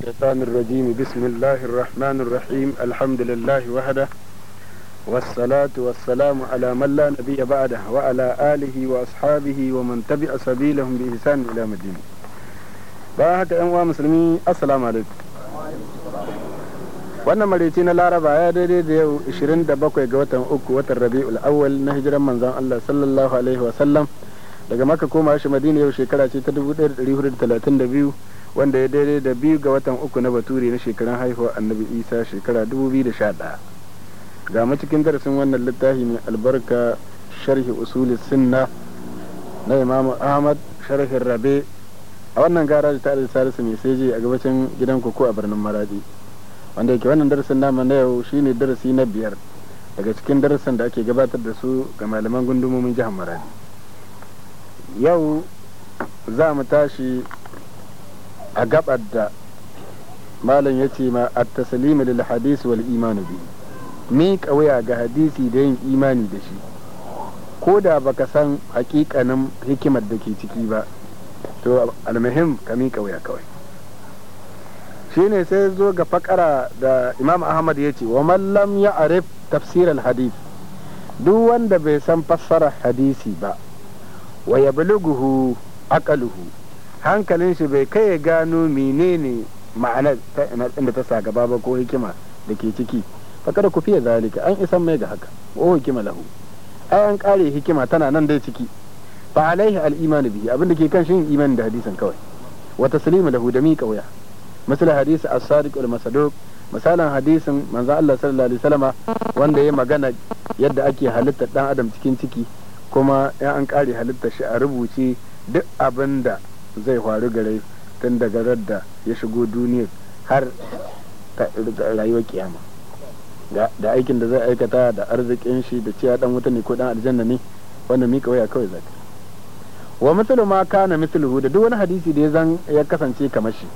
الشيطان الرجيم بسم الله الرحمن الرحيم الحمد لله وحده والصلاة والسلام على من لا نبي بعده وعلى آله وأصحابه ومن تبع سبيلهم بإحسان إلى مدين باهت أنواع مسلمين السلام عليكم wannan maraice na laraba ya daidai da yau 27 ga watan uku watan rabi'ul awwal na hijiran manzon Allah sallallahu alaihi wa sallam daga maka koma shi madina yau shekara ce ta 1432 wanda ya daidai da biyu ga watan uku na baturi na shekaran haihuwa annabi isa shekara 2011 ga macikin darasin wannan littafi mai albarka sharhi usuli sunna na imamu ahmad sharhin rabe a wannan da ta da salisu mai seji a gabacin gidan koko a birnin maradi wanda yake wannan darasin nama na yau shine darasi na biyar daga cikin darasin da ake gabatar da su ga malaman gundumomin jihar maradi yau za mu tashi a gabar da malam ya ce ma at taslimu lil hadisi wal imanu bi mi kawaya ga hadisi da yin imani da shi ko da baka san hakikanin hikimar da ke ciki ba to almuhim ka mi kawaya kawai shine sai zo ga fakara da imam ahmad ya ce wa man lam ya arif tafsir al duk wanda bai san fassarar hadisi ba wa ya buluguhu aqaluhu hankalin shi bai kai ya gano menene ma'anar inda ta sa gaba ba ko hikima da ke ciki fakar ku fiye zalika an isan mai ga haka o hikima lahu ai an kare hikima tana nan dai ciki fa alaihi al-iman bihi abinda ke kan shin imani da hadisan kawai wa taslimu lahu da miƙa wuya misal hadisi as-sadiq al-masaduq misalin hadisin manzo Allah sallallahu alaihi wasallama wanda ya magana yadda ake halittar dan adam cikin ciki kuma ya an kare halitta shi a rubuce duk abinda. zai faru gare tun daga da ya shigo duniya har rayuwar kiyama da aikin da zai aikata da arzikin shi da cewa dan wuta ne ko dan aljanna ne wanda mika waya kawai zaka wa mislu ma kana da duk wani hadisi da ya zan ya kasance kamar shi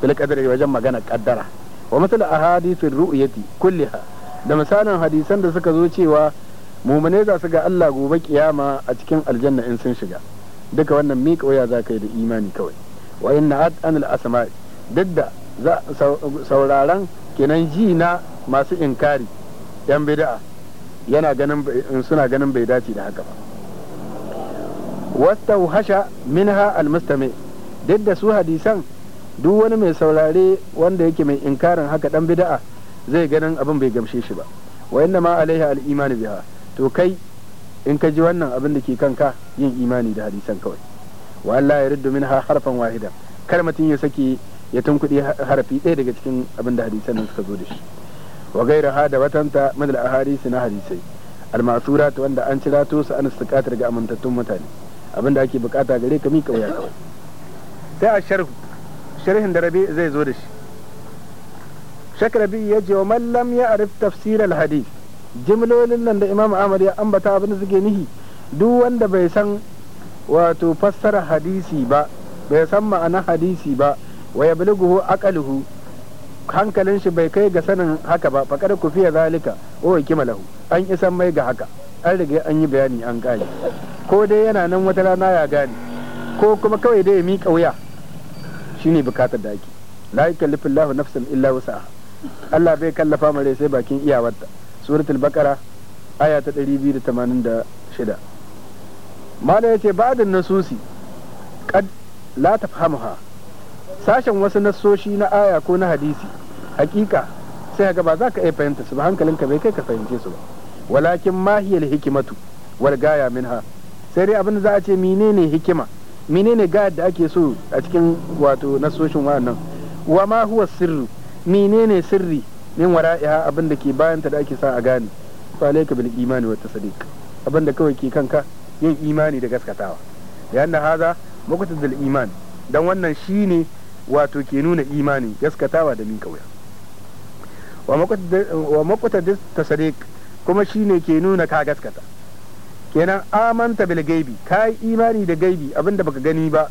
bil qadari wajen magana kaddara wa mislu ahadithir ru'yati kulliha da misalin hadisan da suka zo cewa mumune za su ga Allah gobe kiyama a cikin aljanna in sun shiga duka wannan miƙa waya za ka yi da imani kawai wa inna anil asma duk da sauraron kenan ji na masu inkari yan bid'a yana ganin suna ganin bai dace da haka ba wasta hasha minha almustami duk da su hadisan duk wani mai saurare wanda yake mai inkarin haka dan bid'a zai ganin abin bai gamshe shi ba wa inna ma alaiha al-imani biha to kai in ka ji wannan abin da ke kan ka yin imani da hadisan kawai wa ya riddu minha harfan wahidan kar mutum ya saki ya tunkudi harfi ɗaya daga cikin abin da hadisan nan suka zo da shi wa gaira ha da watanta madal ahadisi na hadisai almasura ta wanda an cira to su an sukatar ga amintattun mutane abin da ake bukata gare ka mi kawai sai a sharhu sharhin da rabi zai zo da shi shak rabi ya ce wa man ya arif tafsir al jimlolin nan da imam ahmad ya ambata abin da suke nihi duk wanda bai san wato fassara hadisi ba bai san ma'ana hadisi ba wa ya bilguhu aqaluhu hankalin shi bai kai ga sanin haka ba fakar ku fiye zalika o hikima lahu an isan mai ga haka an riga an yi bayani an gane ko dai yana nan wata rana ya gane ko kuma kawai dai ya miƙa wuya shine bukatar da ake la yukallifu Allahu nafsan illa wusaha Allah bai kallafa mare sai bakin iyawarta suratul bakara aya ta 286 mana yace ba'din nasusi qad la tafhamuha sashen wasu nasoshi na aya ko na hadisi hakika sai ga ba za ka iya fahimta su ba hankalinka bai kai ka fahimce su ba walakin mahiyar hikimatu wal gaya minha sai dai abin da za a ce menene hikima menene gaya da ake so a cikin wato nasoshin wannan wa ma huwa sirru menene sirri min wara'iha abin da ke bayan ta da ake sa a gane fa alayka bil imani wa tasdiq abin da kawai ke kanka yin imani da gaskatawa yanda haza muqtadil iman dan wannan shine wato ke nuna imani gaskatawa da min kauya wa muqtadil tasdiq kuma shine ke nuna ka gaskata kenan amanta bil gaibi kai imani da gaibi abin da baka gani ba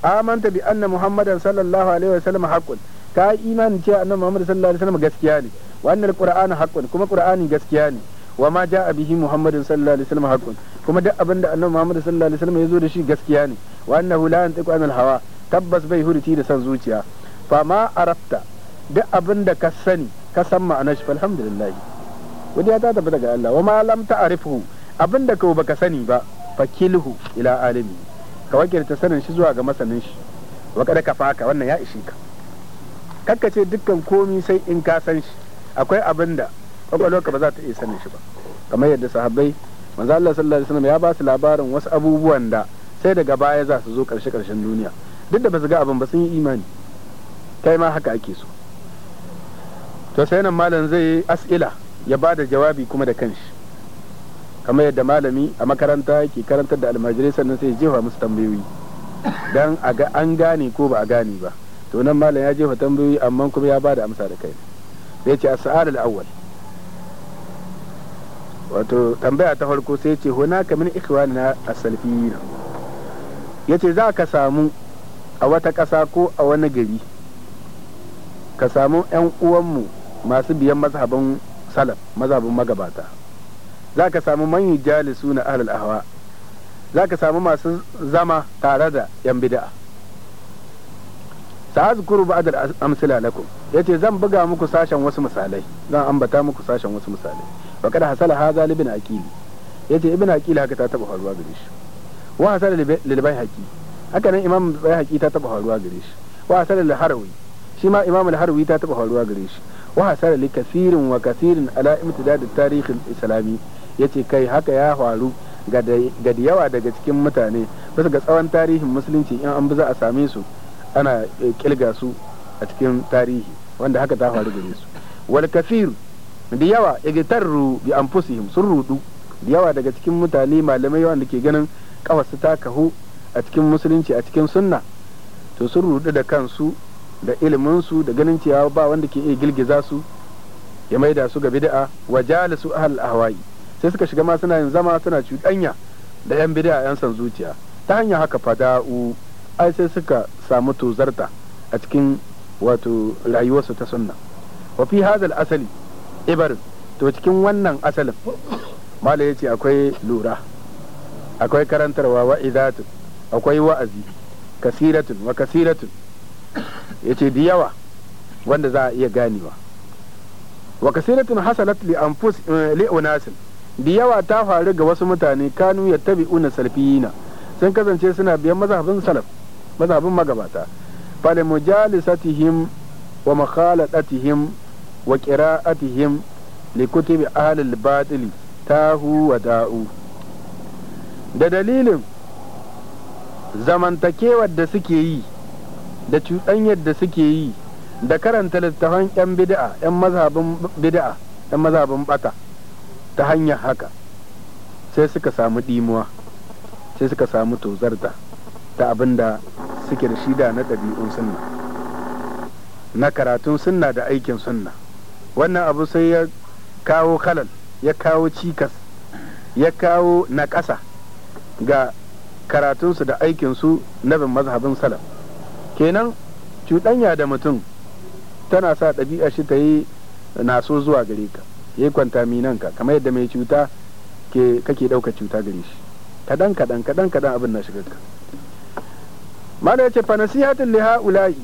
amanta bi anna muhammadan sallallahu alaihi sallam haqqun ka yi imanin cewa annabi Muhammad sallallahu alaihi wasallam gaskiya ne wa annal qur'an haqqun kuma qur'ani gaskiya ne wa ma jaa bihi Muhammad sallallahu alaihi wasallam haqqun kuma duk abin da annabi Muhammad sallallahu alaihi wasallam yazo da shi gaskiya ne wa annahu la yantiqu anil hawa tabbas bai hurti da san zuciya fa ma arafta duk abin da ka sani ka san ma'anar shi alhamdulillah wadiya ta tabbata ga Allah wa ma lam ta'rifu abin da ka baka sani ba fakilhu ila alimi ka wakilta sanin shi zuwa ga masanin shi wa kada ka faka wannan ya ishe ka ce dukkan komi sai in ka san shi akwai abin da kwakwalwarka ba za ta iya sanin shi ba kamar yadda sahabbai manzo Allah sallallahu alaihi wasallam ya ba su labarin wasu abubuwan da sai daga baya za su zo karshe karshen duniya duk da ba su ga abin ba sun yi imani kai ma haka ake so to sai nan malam zai as'ila ya ba da jawabi kuma da kanshi kamar yadda malami a makaranta yake karantar da almajirai sannan sai jefa musu tambayoyi dan a ga an gane ko ba a gane ba to nan malam ya jefa tambayoyi amma kuma ya bada amsa da kai ya ce a sa'ar al wato tambaya ta farko sai ce hunaka min asalfi na ya ce za ka samu a wata kasa ko a wani gari ka samu 'yan uwanmu masu biyan mazhaban salaf mazhabin magabata za ka samu manyan jalisu na ahlul ahwa za ka samu masu zama tare da 'yan bida'a sa'azkuru ba'd al-amsila lakum yace zan buga muku sashen wasu misalai zan ambata muku sashen wasu misalai wa kada hasala hadha akili aqili yace ibn aqili haka ta taba faruwa gare shi wa hasala lil bayhaqi haka nan imam haƙi ta taba faruwa gare shi wa hasala lil shi ma imam al ta taba faruwa gare shi wa hasala li kathirin wa kasirin ala imtidad at-tarikh al-islami yace kai haka ya faru ga da yawa daga cikin mutane bisa ga tsawon tarihin musulunci in an bi za a same su ana eh, kilga su a cikin tarihi wanda haka ta faru gare su wal kafir da yawa igtarru bi anfusihim sun rudu da yawa daga cikin mutane malamai wanda ke ganin kawasu ta kahu a cikin musulunci a cikin sunna to sun rudu da kansu da ilimin su da ganin cewa ba wanda ke iya girgiza su ya maida su ga bid'a wa jalisu ahl ahwa'i sai suka shiga ma suna yin zama suna cuɗanya da yan bid'a yan san zuciya ta hanyar haka fada'u ai sai suka samu tuzarta a cikin wato rayuwarsu ta sunna wa fi hadal asali ibar to cikin wannan asalin mala ce akwai lura akwai karantarwa wa'izatun akwai wa'azi kasiratun wa kasiratun ce da yawa wanda za a iya ganewa wa kasiratun hasalat li anfus eh, li unasin da yawa ta faru ga wasu mutane kanu ya tabi una salfiyina sun kasance suna biyan mazhabin salaf mazhabin magabata fali mujalisatihim wa makhalatatihim wa qira'atihim li kutubi ahlil batili tahu wa da'u da dalilin zamantakewar da suke yi da cuɗanyar da suke yi da karanta littafan 'yan bid'a 'yan mazhabin bid'a 'yan mazhabin bata ta hanyar haka sai suka samu ɗimuwa sai suka samu tozarta da abin da suke da shida na ɗabi'un sunna na karatun sunna da aikin sunna wannan abu sai ya kawo kalal ya kawo cikas ya kawo na ƙasa ga karatunsu da aikinsu na bin mazhabin salaf kenan cuɗanya da mutum tana sa ɗabi'a shi ta yi naso zuwa gare ka ya kwanta ka kamar yadda mai cuta kake ɗauka cuta gare shi kaɗan kaɗan kaɗan kaɗan abin na shigar ka mala yace fa nasihatin li haula'i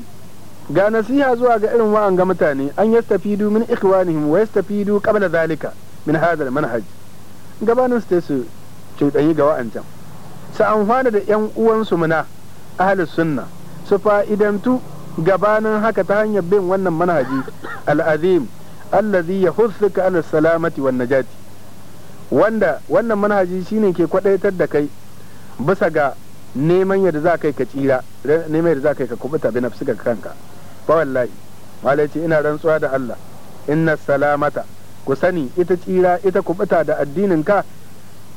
ga nasiha zuwa ga irin wa'an ga mutane an yastafidu min ikhwanihim wa yastafidu qabla zalika min hadha manhaj gabanin su su cuɗanyi ga wa'ancan su amfana da yan uwansu muna ahli sunna su fa'idantu gabanin haka ta hanyar bin wannan manhaji al'azim alladhi yahuthuka ala salamati wan najati wanda wannan manhaji shine ke kwadaitar da kai bisa ga neman yadda za kai ka tsira neman yadda za kai ka kubuta bi nafsika kanka fa wallahi malai ce ina rantsuwa da Allah inna salamata ku sani ita tsira ita kubuta da addinin ka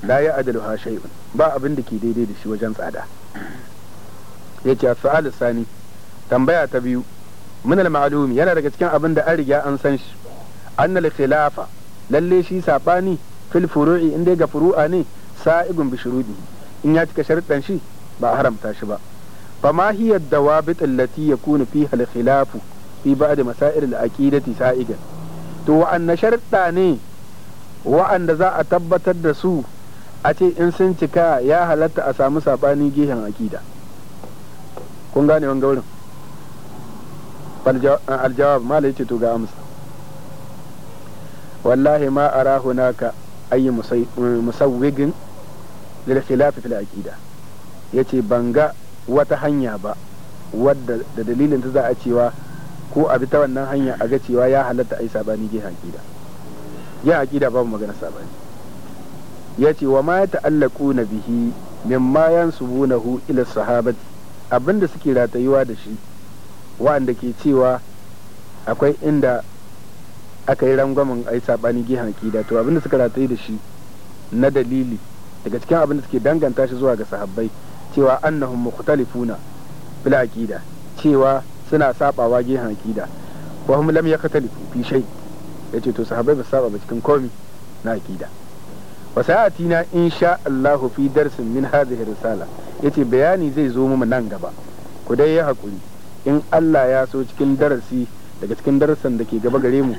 la ya adalu ha shay'un ba abin da ke daidai da shi wajen tsada yace su'al sani tambaya ta biyu min al ma'lum yana daga cikin abin da an riga an san shi anna al khilafa lalle shi sabani fil furu'i inda ga furu'a ne sa'igun bi shurudi in ya cika sharuɗan shi ba haramta shi ba ma hiya dawabit allati yakunu fiha al-khilafu fi ba'd masail al-aqidati sa'igan to anna sharta ne wa'anda za a tabbatar da su a ce in sun cika ya halatta a samu sabani gehen akida kun gane wani gaurin aljawab mala yace to ga amsa wallahi ma ara hunaka ayi musawwigin lil khilafi fil aqida ya ce ban ga wata hanya ba wadda da dalilin ta za a cewa ko a bi ta wannan hanya a ga cewa ya halatta a yi sabani gehen aƙida ya aƙida babu magana sabani ya ce wa ma ya ta'allaku na bihi min mimma hu ila sahabati abinda suke ratayuwa da shi wa'anda ke cewa akwai inda aka yi rangwamen a yi saɓani gehen to abinda suka ratayi da shi na dalili daga cikin abinda suke danganta shi zuwa ga sahabbai cewa annahum mukhtalifuna bil aqida cewa suna sabawa gehen aqida wa hum lam yakhtalifu fi shay yace to sahabbai ba saba ba cikin komi na aqida wa sa'atina insha Allah fi darsin min hadhihi risala yace bayani zai zo mu nan gaba ku dai ya hakuri in Allah ya so cikin darasi daga cikin darasan da ke gaba gare mu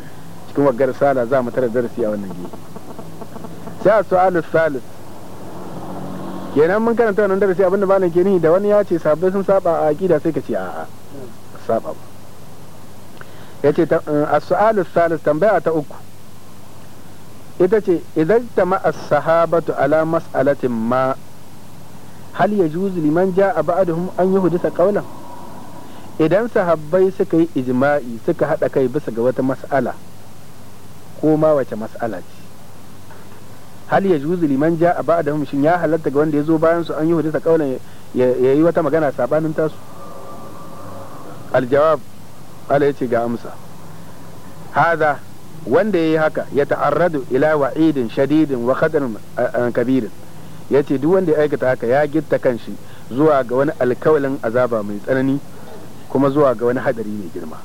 cikin waggar sala za mu tara darasi a wannan gefe sai a su'alu salis kenan mun karanta wannan darasi abin da malam ke nihi da wani ya ce sabbai sun saba a aqida sai ka ce a'a saba ba yace mm, as-su'al salis tambaya ta uku ita ce idan tama as-sahabatu ala mas'alatin ma hal yajuzu liman ja'a ba'dahum an yuhdisa qawlan idan sahabbai suka yi ijma'i suka hada kai bisa ga wata mas'ala ko ma wace mas'ala ce hal ya juzu liman ja a da shin ya halatta ga wanda ya zo bayan su an yi ta kaulan ya yi wata magana sabanin tasu aljawab ala yace ga amsa hada wanda ya yi haka ya ta'arradu ila wa'idin shadidin wa khadarin kabirin yace duk wanda ya aikata haka ya gitta kanshi zuwa ga wani alkawalin azaba mai tsanani kuma zuwa ga wani hadari mai girma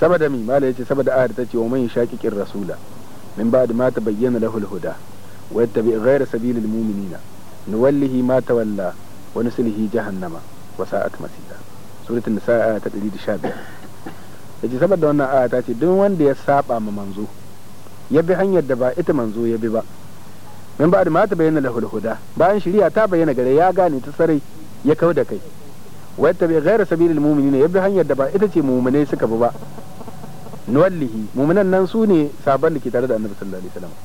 saboda mai mala yace saboda ayar ta ce wa man shaqiqir rasula min ba'd ma tabayyana lahu al-huda wa yattabi gaira sabili al na nuwallihi ma tawalla wa nuslihi jahannama wa a masira suratul nisa sa'a ta ɗari da 115 yace saboda wannan aya ta ce duk wanda ya saba ma manzo ya bi hanyar da ba ita manzo ya bi ba min ba'd ma tabayyana lahu al-huda bayan shari'a ta bayyana gare ya gane ta sarai ya kau da kai wa yattabi gaira sabili al-mu'minina ya bi hanyar da ba ita ce mu'minai suka bi ba nuwallihi mu'minan nan su ne sabon da ke tare da annabi sallallahu alaihi wasallam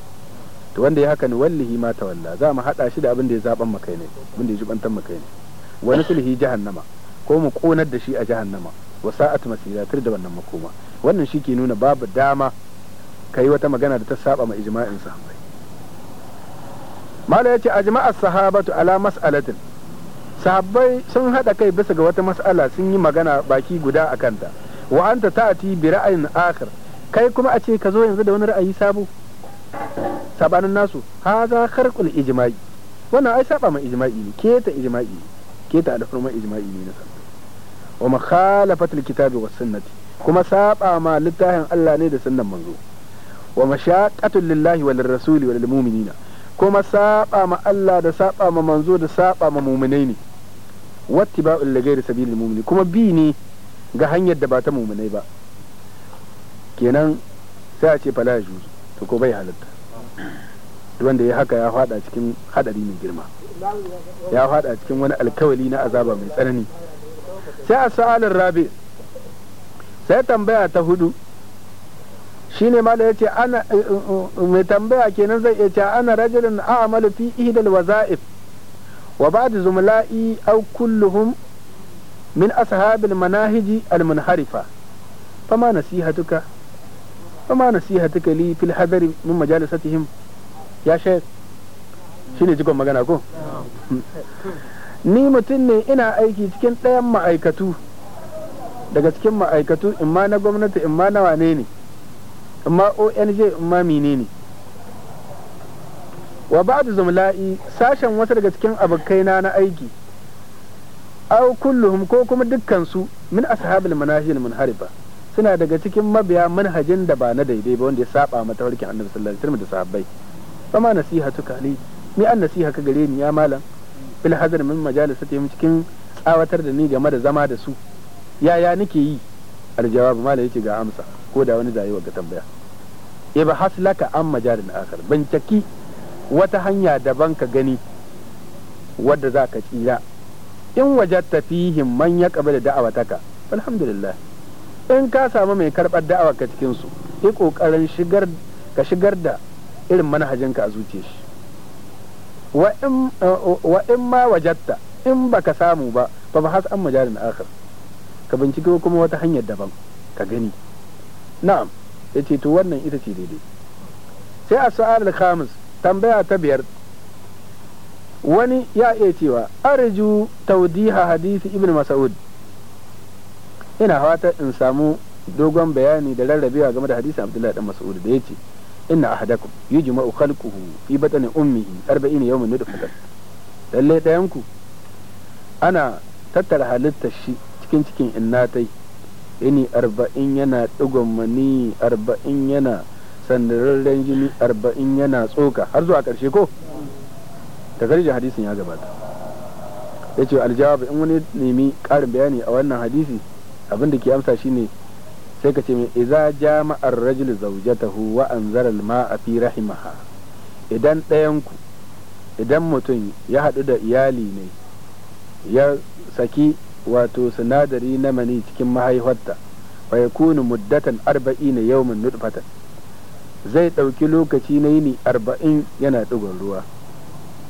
to wanda ya haka nuwallihi ma tawalla za mu hada shi da abin da ya zaban makai ne abin da ya jubantan makai ne wa nuslihi jahannama ko mu konar da shi a jahannama wa sa'at masira tir da wannan makoma wannan shi ke nuna babu dama kai wata magana da ta saba ma ijma'in sahabbai mala yace ajma'a sahabatu ala mas'alatin sahabbai sun hada kai bisa ga wata mas'ala sun yi magana baki guda akan ta wa anta ta'ati bi ra'ayin akhar kai kuma a ce ka zo yanzu da wani ra'ayi sabo sabanin nasu haza kharqul ijma'i wannan ai saba ma ijma'i ne keta ijma'i ne keta furman ijma'i ne na sabbi wa mukhalafatul kitabi was sunnati kuma saba ma littafin Allah ne da sunnan manzo wa mashaqqatul lillahi wal rasuli wal mu'minina kuma saba ma Allah da saba ma manzo da saba ma mu'minai ne wattiba'ul lighairi sabilil mu'mini kuma bi ne ga hanyar da ba ta mummunai ba kenan sai a ce fala ya juzu to ko bai halatta wanda ya haka ya fada cikin hadari mai girma ya fada cikin wani alkawali na azaba mai tsanani sai a sa'alin rabi sai tambaya ta hudu shine mala ce ana mai tambaya kenan zai ce ana rajulun a'malu fi ihdal za'if wa ba'd zumla'i aw kulluhum min ashabil manahiji almunharifa ma nasihatuka fama nasihatuka li fil hadari min majalisatihim ya shaykh shine jikon magana ko ni mutum ne ina aiki cikin ɗayan ma'aikatu daga cikin ma'aikatu in ma na gwamnati in ma na wane ne in ma ong in ma mine ne wa baadu zumla'i sashen wasu daga cikin abokaina na aiki aw kulluhum ko kuma dukkan su min ashabul manahil munharifa suna daga cikin mabiya manhajin da ba na daidai ba wanda ya saba mata farkin annabi sallallahu alaihi wasallam da sahabbai fama nasihatuka ali ni an nasiha ka gare ni ya malam bil hadar min majalisatihim cikin tsawatar da ni game da zama da su yaya nake yi aljawab malam yake ga amsa ko da wani zai ga tambaya ba haslaka an majalin asar binciki wata hanya daban ka gani wadda za ka tsira in wajatta fihim man da da'awataka alhamdulillah in ka samu mai karbar da'awa ka cikin su yi kokarin shigar ka shigar da irin manhajin ka a zuciya shi wa in ma wajatta in baka samu ba fa ba has an majalin akhir ka bincike kuma wata hanyar daban ka gani na'am yace to wannan ita ce daidai sai a su'al al-khamis tambaya ta biyar wani ya iya cewa arju taudiha hadisi ibn mas'ud ina fata in samu dogon bayani da rarrabewa game da hadisin abdullahi dan mas'ud da yace inna ahadakum yujma'u khalquhu fi batni ummihi 40 yawman nutfatan lalle dayanku ana tattara halittar shi cikin cikin innatai ini arba'in yana digon mani arba'in yana sandararren jini arba'in yana tsoka har zuwa ƙarshe ko da garje hadisin ya gabata ya ce aljawab in wani nemi karin bayani a wannan hadisi abinda ke amsa shine sai ka ce mai iza jama'ar rajul zaujatahu wa anzara a fi rahimaha idan ɗayanku idan mutum ya haɗu da iyali ne ya saki wato sinadari na mani cikin mahaifarta fa kuni muddatan arba'ina yawmin nutfatan zai ɗauki lokaci na yini arba'in yana ɗigon ruwa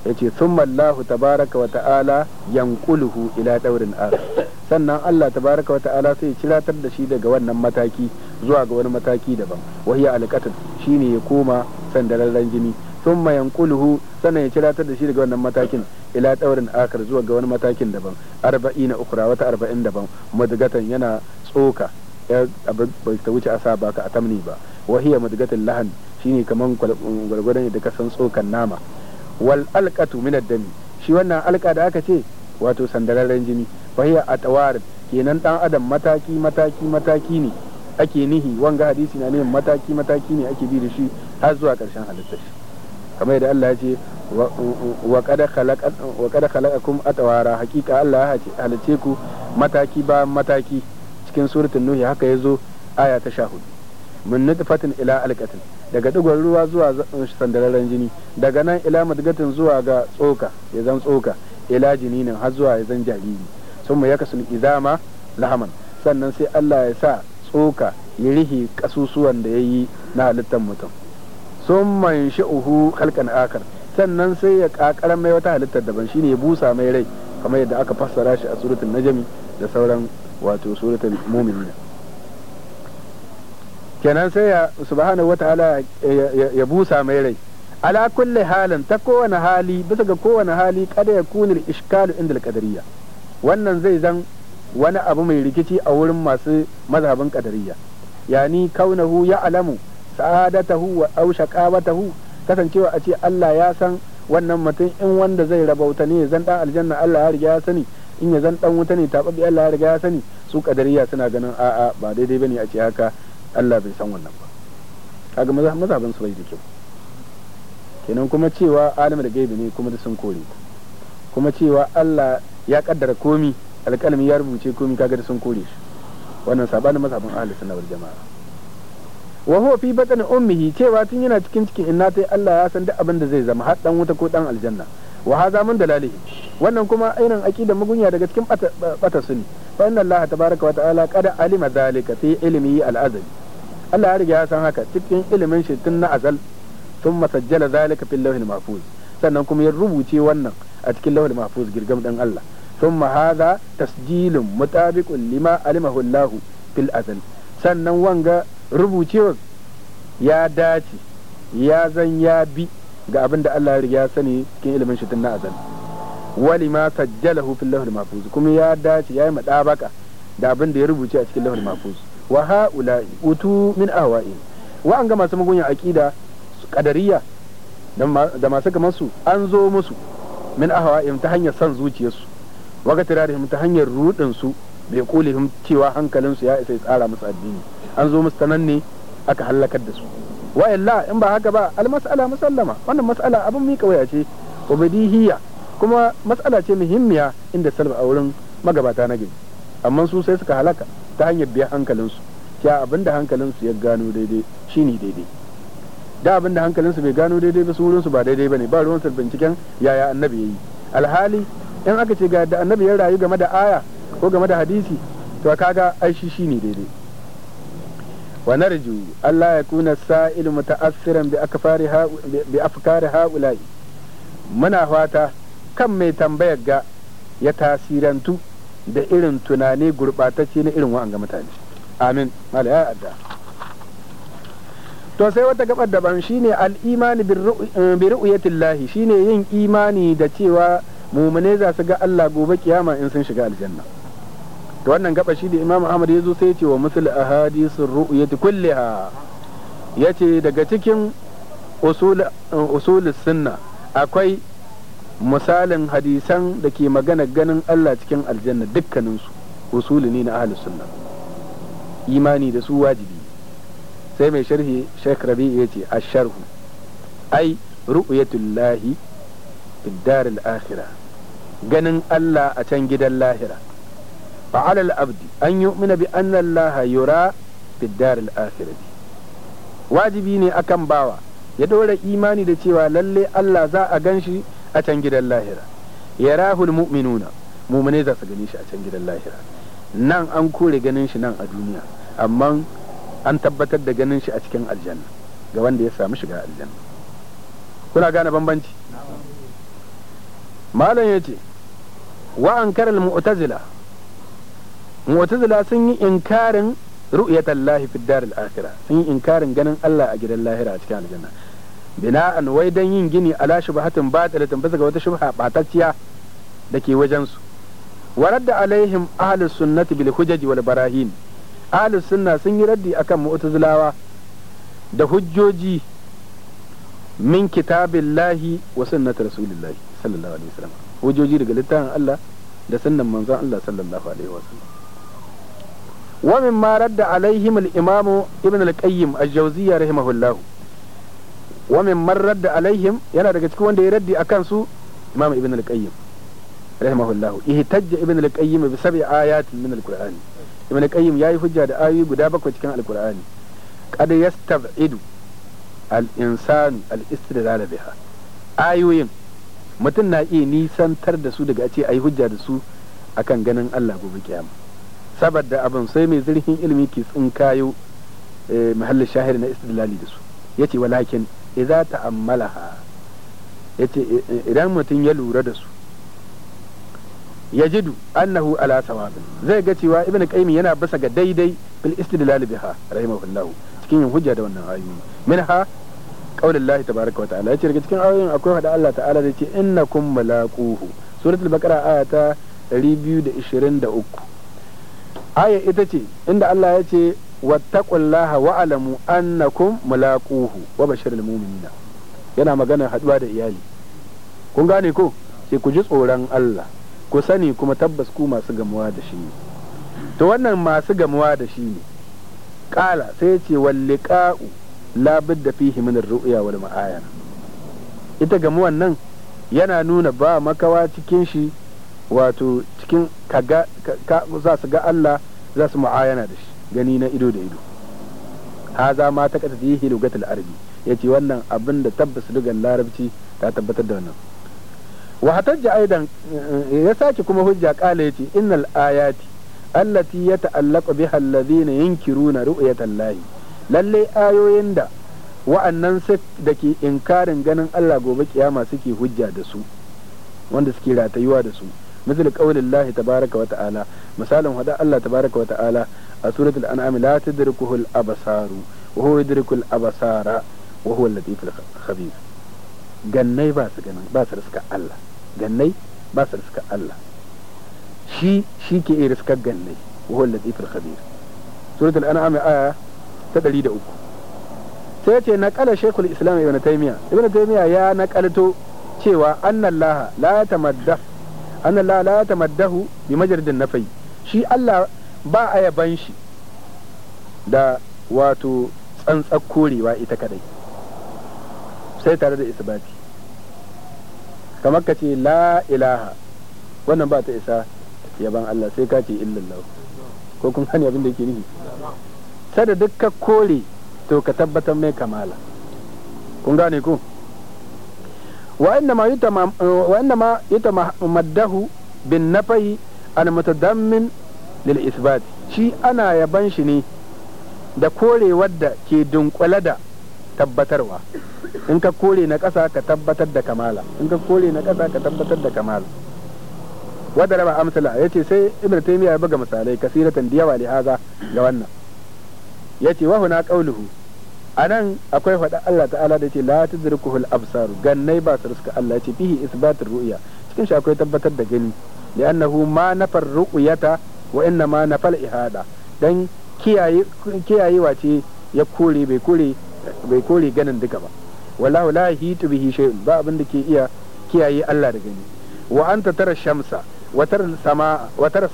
yace summa Allahu tabaraka wa ta'ala yankuluhu ila daurin akhar sannan Allah tabaraka wa ta'ala sai ciratar da shi daga wannan mataki zuwa ga wani mataki daban wahiya alƙatar shi shine ya koma sandararren jini ma yankuluhu sannan ya ciratar da shi daga wannan matakin ila daurin akhar zuwa ga wani matakin daban 40 ukura wata arba'in daban madgatan yana tsoka ba bai ta wuce asa ba ka atamni ba wahiya hiya madgatul lahan shine kaman gwargwadon da ka san tsokan nama wal alqatu min dami shi wannan alqa da aka ce wato sandararren jini fa hiya atwar kenan dan adam mataki mataki mataki ne ake nihi wanga hadisi na ne mataki mataki ne ake bi da shi har zuwa karshen halittar shi kamar yadda Allah ya ce wa kada khalaqakum atwara hakika Allah ya ce halice ku mataki ba mataki cikin suratul nuhi haka yazo aya ta 14 min nutfatin ila alqatin daga digon ruwa zuwa sandararren jini daga nan ila madgatin zuwa ga tsoka ya zan tsoka ila nan har zuwa ya zan jariri sun mu yakasul izama lahaman sannan sai Allah ya sa tsoka ya rihi kasusuwan da ya yi na halittar mutum sun man sha'uhu halkan akar sannan sai ya kakar mai wata halittar daban shine ya busa mai rai kamar yadda aka fassara shi a suratul najmi da sauran wato suratul mu'minina kenan sai ya subhanahu wataala ya busa mai rai ala kulli halin ta kowane hali bisa ga kowane hali kada ya kuni iskalu inda kadariya wannan zai zan wani abu mai rikici a wurin masu mazhabin qadariyya yani kaunahu ya alamu sa'adatahu wa aw kasancewa a ce Allah ya san wannan mutum in wanda zai rabauta ne zan dan aljanna Allah ya riga ya sani in ya zan dan wuta ne tababbi Allah ya riga ya sani su kadariya suna ganin a'a ba daidai bane a ce haka Allah bai san wannan ba kaga mazhabin su bai da kyau kenan kuma cewa alim da gaibi ne kuma da sun kore kuma cewa Allah ya kaddara komi alƙalami ya rubuce komi kaga da sun kore shi wannan sabanin mazhabin ahli sunna wal jama'a wa huwa fi batni ummihi cewa tun yana cikin cikin inna yi Allah ya san duk abin da zai zama har dan wuta ko dan aljanna wa hadha min dalalihi wannan kuma ainin aqida mugunya daga cikin bata su ne fa inna Allah tabaaraka wa ta'ala qad alima dhalika fi ilmihi al-azali Allah ya riga ya san haka cikin ilimin shi tun na azal sun masajjala zalika fil lawhil mahfuz sannan kuma ya rubuce wannan a cikin lawhil mahfuz girgam dan Allah ثم هذا tasjilun mutabiqun lima alimahu Allah fil azal sannan wanga rubucewar ya dace ya zan ya bi ga abinda da Allah ya ya sani cikin ilimin shi tun na azal wali ma sajjalahu fil lawhil mahfuz kuma ya dace ya yi madabaka da abin da ya rubuce a cikin lawhil mahfuz wa ha'ula utu min awa'i wa an ga masu mugunya aqida kadariya da masu kamar su an zo musu min ahwa'im ta hanyar san zuciyarsu wa gatirarihim ta hanyar rudin su bai kulihim cewa hankalin su ya isa ya tsara musu addini an zo musu tanan ne aka halakar da su wa illa in ba haka ba al mas'ala musallama wannan mas'ala abin mika waya ce ubudihiyya kuma mas'ala ce muhimmiya inda salba a wurin magabata na gidi amma su sai suka halaka ta hanyar biya hankalinsu cewa abin da hankalinsu ya gano daidai shi ne daidai da abin da hankalinsu bai gano daidai ba su wurinsu ba daidai ne ba ruwan binciken yaya annabi ya yi alhali in aka ce ga da annabi ya rayu game da aya ko game da hadisi to kaga ai shi ne daidai wa narju Allah ya kuna sa'il muta'assiran bi akfari bi afkari haula'i muna fata kan mai tambayar ga ya tasirantu da irin tunani gurɓatacce na irin wa'anga mutane amin mala ya adda to sai wata gabar daban shine al'imani imani eh, bi ru'yatillahi shine yin imani da cewa mumune za su ga Allah gobe kiyama in sun shiga aljanna to wannan gaba shi da Imam Ahmad ya zo sai ya ce wa musul ahadisur ru'yati kulliha yace daga cikin usul eh, sunna akwai misalin hadisan da ke magana ganin Allah cikin aljanna dukkaninsu usuli ne na ahli sunna imani da su wajibi sai mai sharhi Sheikh Rabi ya ce a sharhu ai ru'yatullahi fid daril akhirah ganin Allah a can gidan lahira fa alal abdi an yu'mina bi anna Allah yura fid daril akhirah wajibi ne akan bawa ya dora imani da cewa lalle Allah za a ganshi a can gidan lahira rahul mu'minuna Mumune za su gani shi a can gidan lahira nan an kore ganin shi nan a duniya amma an tabbatar da ganin shi a cikin aljanna ga wanda ya samu shiga aljanna kuna gane bambanci malam ya ce wa an karar mu'tazila mu'tazila sun yi inkarin ru'yatallahi fid daril akhirah sun yi inkarin ganin Allah a gidan lahira a cikin aljanna bina an wai dan yin gini ala shubhatin batilatin bisa ga wata shubha batacciya da ke wajen su waradda alaihim ahli sunnati bil hujaji wal barahin ahli sunna sun yi raddi akan mu'tazilawa da hujjoji min kitabillahi wa sunnati rasulillahi sallallahu alaihi wasallam hujjoji daga littafin Allah da sunnan manzon Allah sallallahu alaihi wasallam wa mimma radda alaihim al عليهم ibn al-qayyim al-jawziyyah الله wa min marrad da alaihim yana daga cikin wanda ya raddi a kansu imam ibn al-qayyim rahimahullah ihtajja ibn al-qayyim bi sab'i ayatin min al-qur'an ibn al-qayyim yayi hujja da ayoyi guda bakwai cikin al-qur'ani qad yastab'idu al-insan al-istidlal biha ayoyin mutum na iya nisantar da su daga ce ayi hujja da su akan ganin Allah gobe kiyama saboda abin sai mai zurfin ilimi ke tsinkayo eh, mahallin shahir na istidlali da su yace walakin idza ta'ammalaha yace idan mutum ya lura da su yajidu annahu ala sawabin zai ga cewa ibnu qayyim yana bisa ga daidai bil istidlal biha rahimahullahu cikin yin hujja da wannan ayoyi minha qaulul lahi tabaaraka wa ta'ala yace daga cikin ayoyin akwai hada Allah ta'ala da yace innakum malaquhu suratul baqara aya ta 223 aya ita ce inda Allah ya ce wattaqullaha wa'lamu annakum Mulaƙuhu, wa bashiril mu'minina yana magana haɗuwa da iyali kun gane ko sai ku ji tsoron Allah ku sani kuma tabbas ku masu gamuwa da shi ne to wannan masu gamuwa da shi ne kala sai ce walliqa'u labid da fihi min ar-ru'ya wal ma'ayana ita gamuwan nan yana nuna ba makawa cikin shi wato cikin kaga za su ga Allah za su mu'ayana da shi gani na ido da ido haza ma ta kata fihi lugatul arabi yace wannan abin da tabbas lugar larabci ta tabbatar da wannan wa hatajja aidan eh, ya sake kuma hujja kala yace innal ayati allati yata'allaqu biha alladhina yunkiruna ru'yatallahi lalle ayoyin da wa'annan da ke inkarin ganin Allah gobe kiyama suke hujja da su wanda suke ratayuwa da su misal qaulin tabaaraka wa ta'ala misalin hada Allah tabaaraka wa ta'ala a suratul an'am la tadrikuhu al abasaru wa huwa yadriku al-absara wa huwa latif al-khabir gannai ba su ganin ba su riska Allah gannai ba su riska Allah shi shi ke iya riskar gannai wa huwa al-latif al-khabir suratul an'am aya ta 103 sai ce naqala shaykhul islam ibn taymiya ibn taymiya ya naqalto cewa annallaha la tamaddah annallaha la tamaddahu bi majridin nafai shi Allah ba a yaban shi da wato tsantsar korewa ita kadai sai tare da isbati kamar ka ce la ilaha wannan ba ta isa yaban Allah sai ka ce illallah ko kun sani abin da yake nufi sai da dukka kore to ka tabbatar mai kamala kun gane ku wa'anda ma yuta maddahu bin nafahi al-mutadammin lil isbat shi ana yaban shi ne da korewar da ke dunkule da tabbatarwa in ka kore na ƙasa ka tabbatar da kamala in ka kore na ƙasa ka tabbatar da kamala wadda raba amsala ya ce sai ibn taymiya ya buga misalai kasiratan da yawa lihaza ga wannan ya ce wahuna a anan akwai faɗa Allah ta'ala da ce lati tudrikuhu al-absar gannai ba su riska Allah ya ce fihi isbatar ru'ya cikin shi akwai tabbatar da gani annahu ma nafar ru'yata wa inna ma fal ihada dan kiyaye kiyayewa ce ya kore bai kore bai kore ganin duka ba wallahu la hitu bihi shay'un ba abin da ke iya kiyaye Allah da gani wa anta tara shamsa wa tara samaa wa tara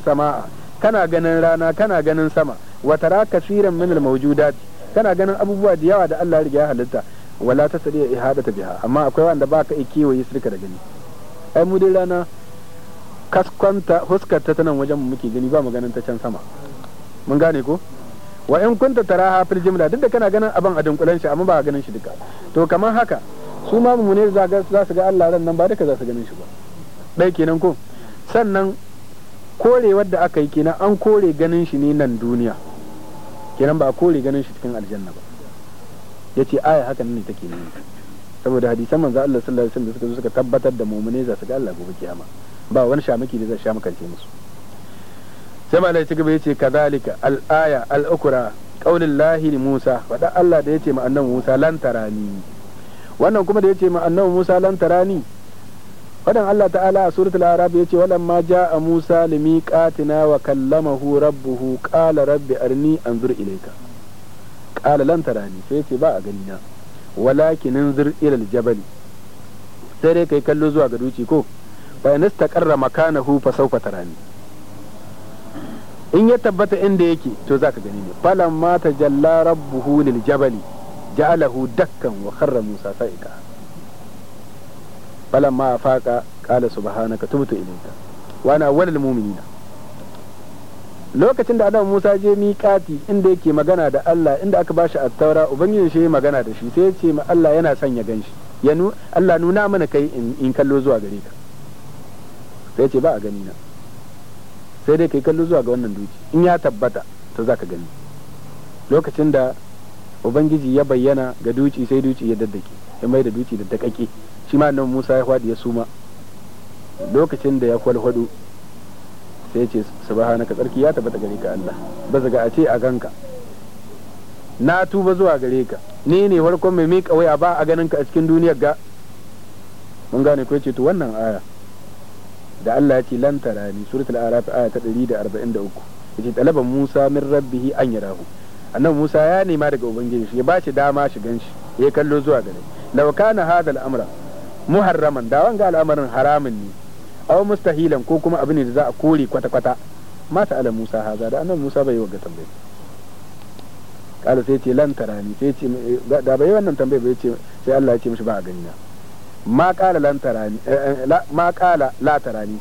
kana ganin rana kana ganin sama wa tara kasiran min al-mawjudat kana ganin abubuwa da yawa da Allah ya ya halitta wala ta sadi ihadata biha amma akwai wanda baka iya kewaye su duka da gani ai mu rana kaskwanta huskarta ta nan wajen muke gani ba maganin ta can sama mun gane ko wa in kunta ha fil jimla duk da kana ganin abin a dunkulen shi amma ba ganin shi duka to kamar haka su ma mu ne za su ga Allah ran nan ba duka za su ganin shi ba dai kenan ko sannan korewar da aka yi kenan an kore ganin shi ne nan duniya kenan ba a kore ganin shi cikin aljanna ba yace aya haka ne take ne saboda hadisan manzo Allah sallallahu alaihi wasallam suka zo suka tabbatar da mumune za su ga Allah gobe kiyama ba wani shamaki da zai sha makance musu sai ya ci gaba ya kazalika al-aya al-ukra qaulin lahi Musa faɗa Allah da yace ma annabi Musa lan tarani wannan kuma da yace ma annabi Musa lan tarani wannan Allah ta'ala a suratul arab yace ja ja'a Musa limiqatina wa kallamahu rabbuhu qala rabbi arni anzur ilayka qala lan tarani sai yace ba a gani na walakin anzur ila al-jabal sai dai kai kallo zuwa ga duci ko wa in istaqarra makanahu fa sawfa tarani in ya tabbata inda yake to zaka gani ne falan ma jalla rabbuhu lil jabali ja'alahu dakkan wa kharra musa sa'ika falan ma faqa qala subhanaka tubtu ilayka wa ana awwalul mu'minina lokacin da Adam Musa je miƙati inda yake magana da Allah inda aka bashi attaura ubangiji shi magana da shi sai ya ce ma Allah yana son ya ganshi ya Allah nuna mana kai in kallo zuwa gare ka sai ce ba a gani na sai dai kai kallo zuwa ga wannan duci in ya tabbata to za ka gani lokacin da ubangiji ya bayyana ga duci sai duci ya daddake ya mai da duci da dakake shi ma nan musa ya faɗi ya suma lokacin da ya kwalhwado sai ce subhanaka tsarki ya tabbata gare ka Allah ba zaga a ce a ganka na tuba zuwa gare ka ni ne farkon mai miƙa waya ba a ganin ka a cikin duniyar ga mun gane ko ce to wannan aya da Allah ya ce lan tarani suratul araf aya ta 143 yace talaba Musa min rabbihi an yarahu annabi Musa ya nema daga ubangiji shi ya bashi dama shi ganshi ya kallo zuwa gare law kana hada al'amra muharraman da wanga al'amarin haramun ne aw mustahilan ko kuma abin da za a kore kwata kwata mata ala Musa haza da annabi Musa bai wagga tambaye kala sai ce lan tarani sai ce da bai wannan tambaye bai ce sai Allah ya ce mishi ba a ganina ma kala lantarani eh, eh, ne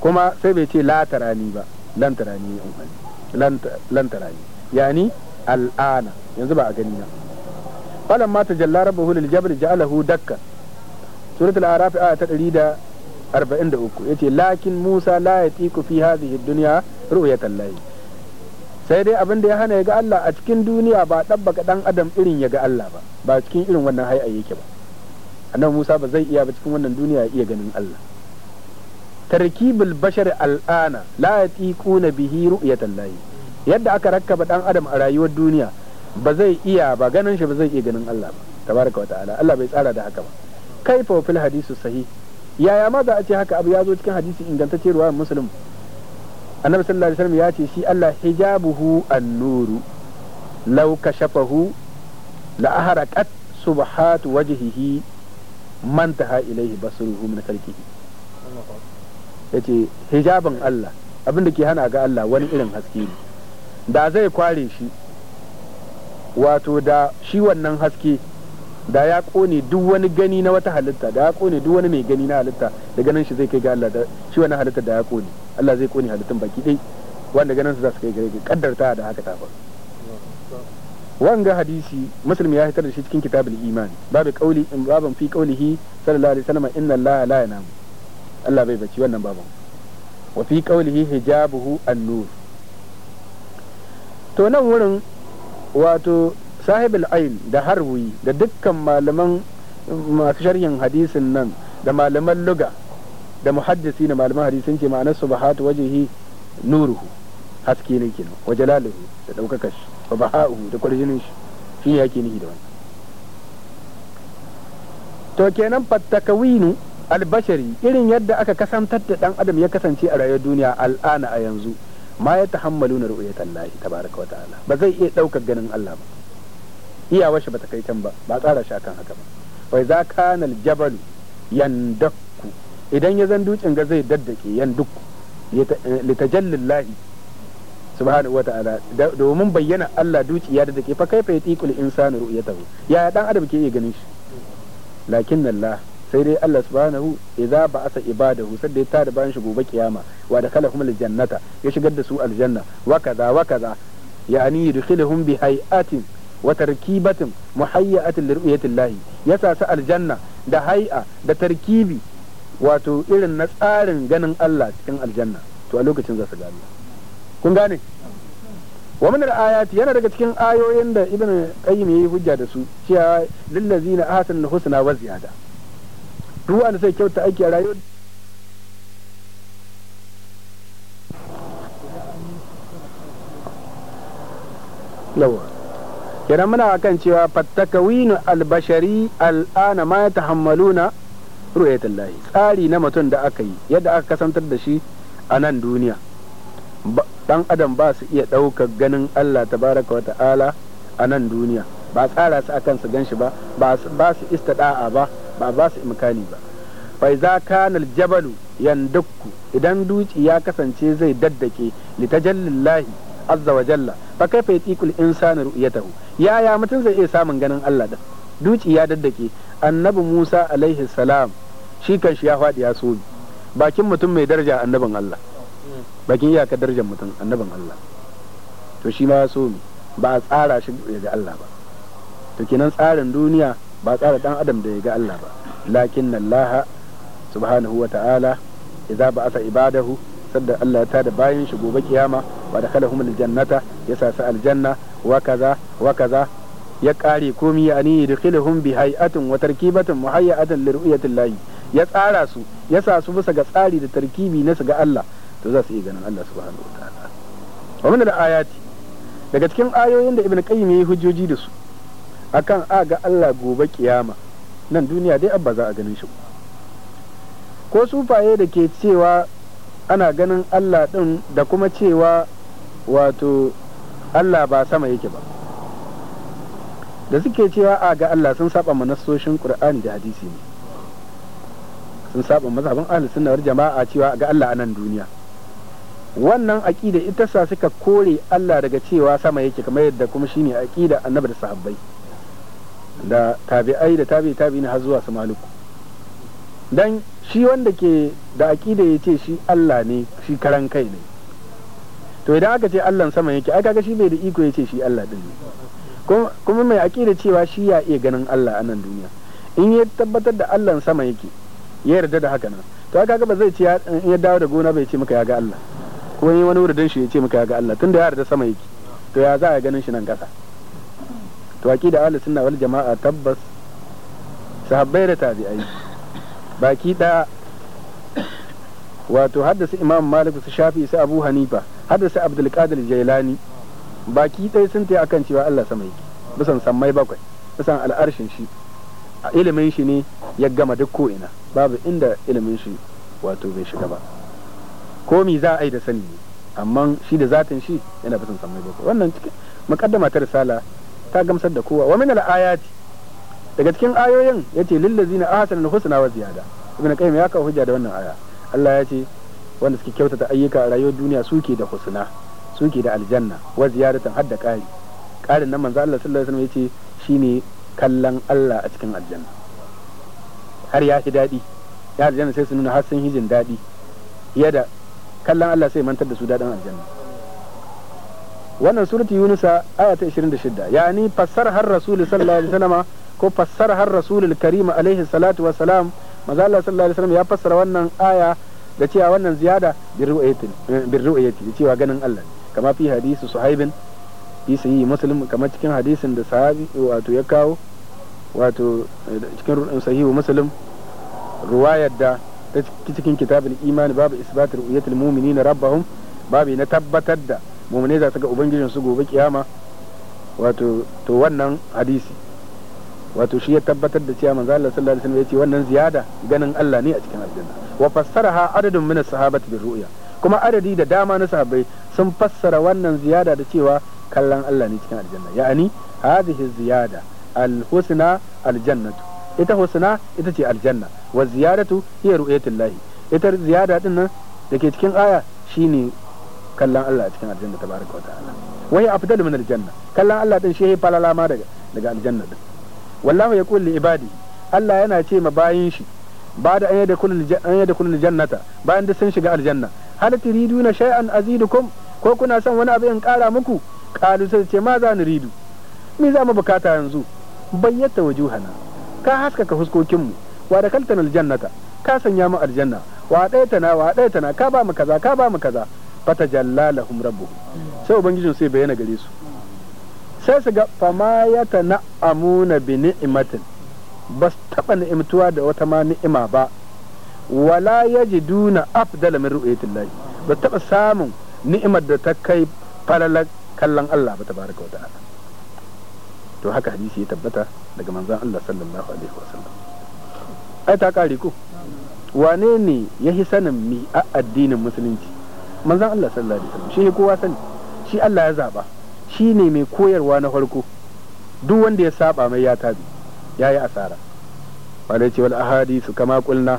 kuma sai bai ce ne ba lantarani ya yani al'ana yanzu ba a gani na falon mata ta jalla rabbahu lil jabal ja'alahu dakka suratul araf aya ta 143 yace lakin musa la yatiku fi hadhihi dunya ru'yatan lahi sai dai abin da ya hana ya ga Allah a cikin duniya ba ɗabbaka ɗan adam irin ya ga Allah ba ba cikin irin wannan hay'a yake ba annabi Musa ba zai iya ba cikin wannan duniya ya iya ganin Allah tarkibul bashar al'ana la yatiquna bihi ru'yatan lahi yadda aka rakkaba dan adam a rayuwar duniya ba zai iya ba ganin shi ba zai iya ganin Allah ba tabaraka wa ta'ala Allah bai tsara da haka ba kaifa fil hadisu sahih yaya ma za a ce haka abu ya zo cikin hadisi ingantacce ruwa muslim annabi sallallahu alaihi wasallam ya ce shi Allah hijabuhu an-nuru law kashafahu la aharaqat subhatu wajhihi man taha ilaihi basiruhu min ya ce hijabin Allah abinda ke hana ga Allah wani irin haske ne da zai kware shi wato da shi wannan haske da ya kone duk wani gani na wata halitta da ya kone duk wani mai gani na halitta da ganin shi zai kai ga Allah da shi wannan halitta da ya kone Allah zai kone halittun baki dai wanda ganin su za su kai gare ga kaddarta da haka ta ba wanga hadisi muslim ya fitar da shi cikin kitabul iman babu qauli in baban fi qaulihi sallallahu alaihi wasallam inna allaha la yanam Allah bai bacci wannan baban wa fi qaulihi hijabuhu an-nur to nan wurin wato sahibul ain da harwi da dukkan malaman masu sharhin hadisin nan da malaman luga da muhaddisi da malaman hadisin ce ma'anar subhatu wajhihi nuruhu haske ne kenan wa jalaluhu da daukakar shi wa baha'u da kwarjinin shi shi ne yake nihi da wani to kenan fattakawinu albashari irin yadda aka kasantar da dan adam ya kasance a rayuwar duniya al'ana a yanzu ma ya hammalu na ru'yatan lahi tabaraka wa ta'ala ba zai iya daukar ganin Allah ba iyawar shi bata kai can ba ba tsara shi akan haka ba wai za kana aljabalu yandakku idan ya zan dutsen ga zai daddake yandukku eh, litajallillahi subhanahu ta'ala domin bayyana Allah dukiya da take fa kaifa yatiqul insanu ru'yatahu ya dan adam ke iya ganin shi lakin Allah sai dai Allah subhanahu idza ba'asa ibadahu sai dai tada bayan shi gobe kiyama wa da kala kuma jannata ya shigar da su aljanna wa kaza wa kaza yani yudkhiluhum bi hay'atin wa tarkibatin muhayyatin Allah ya sa su aljanna da hay'a da tarkibi wato irin na tsarin ganin Allah cikin aljanna to a lokacin za su gani kun gane wa min ayati yana daga cikin ayoyin da ibn qayyim yayi hujja da su cewa lil ladzina ahsanu husna wa ziyada duk wanda sai kyauta aiki a rayuwa yawa muna kan cewa fattakawinu albashari al'ana ma ya tahammaluna ru'yatullahi tsari na mutum da aka yi yadda aka kasantar da shi a nan duniya Ɗan adam ba su iya ɗaukar ganin Allah tabaraka wa ta'ala a nan duniya ba tsara su akan su gan shi ba ba su ista ba ba ba su imkani ba bai za kana aljabalu yandukku idan dutse ya kasance zai daddake litajallillahi azza wa jalla fa in yatiqul insanu ru'yatahu yaya mutum zai iya samun ganin Allah da dutse ya daddake annabi Musa alaihi salam shi kan shi ya faɗi ya so bakin mutum mai daraja annabin Allah bakin iyakar darajar mutum annabin Allah to shi ma so ba a tsara shi ya ga Allah ba to kenan tsarin duniya ba tsara dan adam da ya ga Allah ba lakin Allah subhanahu wa ta'ala idza ba'atha ibadahu sadda Allah ta da bayan shi gobe kiyama wa da kala humul jannata ya sa aljanna wa kaza wa kaza ya kare komi ya ani yudkhiluhum bi hay'atin wa tarkibatin muhayyatin li ru'yatillahi ya tsara su ya sa su bisa ga tsari da tarkibi na su ga Allah to za su iya ganin Allah subhanahu wataala wa mana da ayati daga cikin ayoyin da ibn qayyim yayi hujjoji da su akan a ga Allah gobe kiyama nan duniya dai abba za a ganin shi ko sufaye da ke cewa ana ganin Allah din da kuma cewa wato Allah ba sama yake ba da suke cewa a ga Allah sun saba manassoshin Qur'ani da hadisi ne sun saba mazhabin ahlus sunna wal jama'a cewa A ga Allah a nan duniya wannan aƙida ita sa suka kore Allah daga cewa sama yake kamar yadda kuma shine aƙida annabi da sahabbai da tabi'ai da tabi tabi har zuwa su maluku dan shi wanda ke da aƙida ya ce shi Allah ne shi karan kai ne to idan aka ce Allah sama yake aka ga shi bai da iko ya ce shi Allah din ne kuma mai aƙida cewa shi ya iya ganin Allah a nan duniya in ya tabbatar da Allah sama yake ya yarda da haka nan to aka ga ba zai ce ya dawo da gona bai ce maka ya ga Allah ko yi wani wuridin shi ya ce maka ga Allah tunda ya yarda sama yake to ya za a ganin shi nan kasa to da ahli sunna wal jama'a tabbas sahabbai da tabi'ai baki da wato haddasa imam malik su shafi su abu hanifa haddasa abdul qadir jailani baki ɗaya sun ta akan cewa Allah sama yake bisan sammai bakwai bisan al'arshin shi a ilimin shi ne ya gama duk ko ina babu inda ilimin shi wato bai shiga ba Komi za a yi da sani ne amma shi da zatin shi yana son sammai bakwai wannan cikin muqaddama ta risala ta gamsar da kowa wa min al ayati daga cikin ayoyin yace lil ladzina ahsanu husna wa ziyada ibn qayyim ya kawo hujja da wannan aya Allah ya ce wanda suke kyautata ayyuka a rayuwar duniya suke da husna suke da aljanna wa ziyadatan har da ƙari ƙarin nan manzo Allah sallallahu alaihi wasallam yace shine kallon Allah a cikin aljanna har ya fi daɗi ya aljanna sai su nuna har sun hijin daɗi yada kallon Allah sai mantar da su daɗin aljanna wannan surati yunusa aya ta 26 yani fassar har rasul sallallahu alaihi wasallam ko fassar har rasulul karim alaihi salatu wassalam maza Allah sallallahu alaihi wasallam ya fassara wannan aya da cewa wannan ziyada birru'ayati da cewa ganin Allah kama fi hadisi suhaibin fi sayi muslim kama cikin hadisin da sahabi wato ya kawo wato cikin sahihu muslim ruwayar da ta cikin kitabin imani babu isbatar ru'yatul mu'minina rabbahum babu na tabbatar da mu'mine za su ga ubangijin su gobe kiyama wato to wannan hadisi wato shi ya tabbatar da cewa manzo Allah sallallahu alaihi wasallam ya ce wannan ziyada ganin Allah ne a cikin aljanna wa fassaraha adadun min sahabati bi ru'ya kuma adadi da dama na sahabbai sun fassara wannan ziyada da cewa kallon Allah ne cikin aljanna ya'ani hadhihi ziyada al-husna al-jannatu ita husna ita ce aljanna wa ziyadatu hiya ru'yatul lahi ita ziyada din nan da ke cikin aya shine kallon Allah a cikin aljanna tabaraka wa ta'ala wa afdalu min aljanna kallon Allah din shi falala ma daga daga aljanna din wallahu yaqul li ibadi Allah yana ce ma bayin shi ba da an yadda kullu an yadda kullu jannata bayan da sun shiga aljanna hal turiduna shay'an azidukum ko kuna son wani abu in kara muku qalu sai ce ma za ni ridu me za mu bukata yanzu bayyata wajuhana ka haskaka mu wa da kaltanal aljannata ka sanya mu aljanna wa ɗaya tana wa ɗaya tana ka ba mu kaza ka ba mu kaza fata jalla hum rabbuhum sai ubangiji sai bayyana gare su sai su ga fama ya amuna bi ni'matin ba su taɓa ni'imtuwa da wata ma ni'ima ba wala yajiduna afdala min ru'yatillahi ba taɓa samun ni'imar da ta kai falalar kallon Allah ba tabaraka wa ta'ala to haka hadisi ya tabbata daga manzon Allah sallallahu alaihi wasallam ai ta kare ko wane ne ya fi sanin mi a addinin musulunci manzan Allah sallallahu alaihi wasallam shi kowa sani shi Allah ya zaba shi ne mai koyarwa na farko duk wanda ya saba mai ya tabi ya yi asara wale ce wal ahadisu kama kulna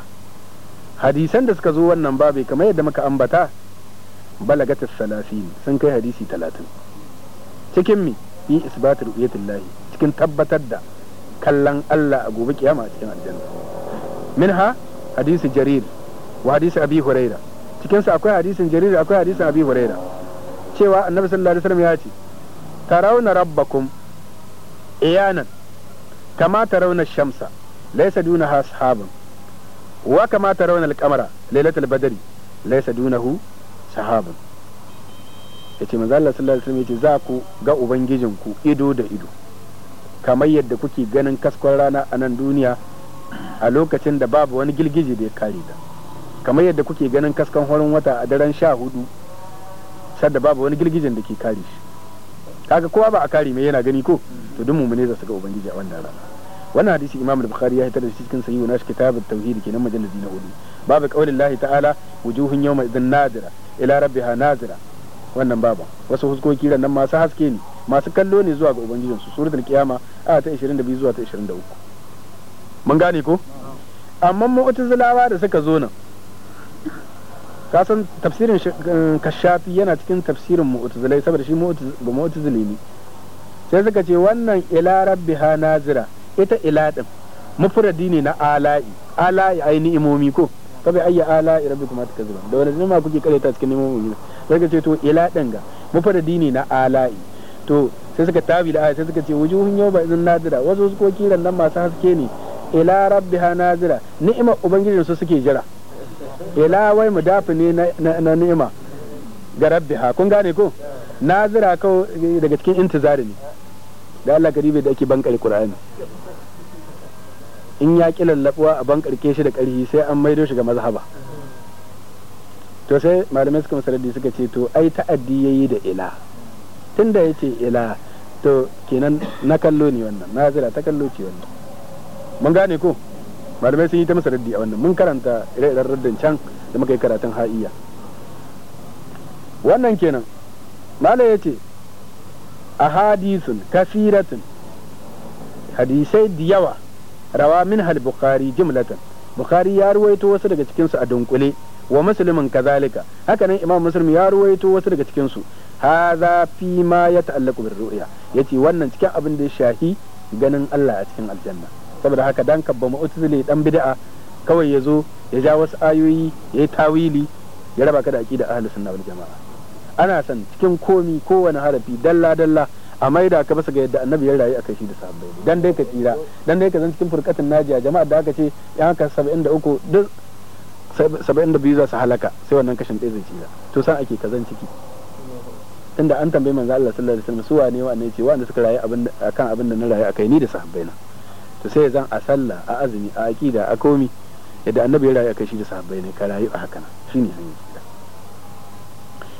hadisan da suka zo wannan babu kamar yadda muka ambata balagatis salasin sun kai hadisi talatin cikin mi yi isbatul uyatullahi cikin tabbatar da kallon Allah a gobe kiyama a cikin aljanna منها حديث jarir wa hadisi abi cikin sa akwai hadisin jarir akwai hadisin abi huraira cewa annabi sallallahu alaihi wasallam ya ce tarawna rabbakum iyanan kama tarawna shamsa laysa duna sahabun wa kama tarawna alqamara qamara lailatul badri laysa dunahu sahabun yace manzo Allah sallallahu alaihi wasallam yace za ku ga ubangijinku ido da ido kamar yadda kuke ganin kaskon rana a nan duniya a lokacin da babu wani gilgiji da ya kare ta kamar yadda kuke ganin kaskan horon wata a daren sha hudu sadda babu wani gilgijin da ke kare shi kaga kowa ba a kare mai yana gani ko to duk mummune za su ga ubangiji a wannan rana wannan hadisi imam al-bukhari ya hitar da shi cikin wa nashi kitab at-tauhid kenan majalisi na hudu babu qaulin lahi ta'ala wujuhun yawma idhin nadira ila rabbiha nazira wannan babu wasu huskoki ran nan masu haske ne masu kallo ne zuwa ga su suratul qiyama a ta 22 zuwa ta 23 mun gane ko amma mu'tazilawa da suka zo nan kasan tafsirin eh, kashafi yana cikin tafsirin mu'tazilai saboda shi mu'tazili ne sai suka ce wannan ila rabbiha nazira ita ila din mufradi ne na ala'i ala'i ai ni'imomi ko kabe ayya ala'i rabbikum zuba da wani ma kuke kare ta cikin ni'imomi sai suka ce to ila din ga mufradi ne na ala'i to sai suka tabi da sai suka ce wujuhun yau ba izin nadira wasu kiran nan masu haske ne ila ha nazira ni'ima ubangijin su suke jira ila wai mudafi ne na ni'ima ga ha kun gane ko nazira ko daga cikin intizari ne da Allah garibe da ake bankar Qur'ani in ya ki lallabuwa a bankarke shi da ƙarfi sai an maido shi ga mazhaba to sai malamai suka masaradi suka ce to ai ta'addi yayi da ila tunda yace ila to kenan na kallo ne wannan nazira ta kallo ce wannan mun gane ko malamai sun yi ta masa raddi a wannan mun karanta ire-iren raddin can da muka yi karatun ha'iya wannan kenan malai ya ce a hadisun kasiratun hadisai da yawa rawa min hal bukhari jimlatan bukhari ya ruwaito wasu daga cikinsu a dunkule wa musulmin kazalika hakanan imam muslim ya ruwaito wasu daga cikinsu haza fi ma ya ta'allaku bin ya ce wannan cikin abin da ya shahi ganin Allah a cikin aljanna saboda haka dan kabba mu'tazili dan bid'a kawai ya zo ya ja wasu ayoyi ya yi tawili ya raba ka da aqida ahli sunna wal jama'a ana san cikin komi kowane harafi dalla dalla a maida ka basa ga yadda annabi ya rayu kai shi da sahabbai dan dai ka tsira dan dai ka zan cikin furqatin najiya jama'a da aka ce yan haka 73 duk 72 za su halaka sai wannan kashin ɗaya zai tsira to san ake ka zan ciki tunda an tambaye manzo Allah sallallahu alaihi wasallam su wane wa ne ce wanda suka rayu abin akan abin da na rayu akai ni da sahabbai na to sai zan a sallah a azumi a aƙida a komi yadda annabi ya rayu a shi da sahabbai ne ka rayu a haka nan shine hanyar tsira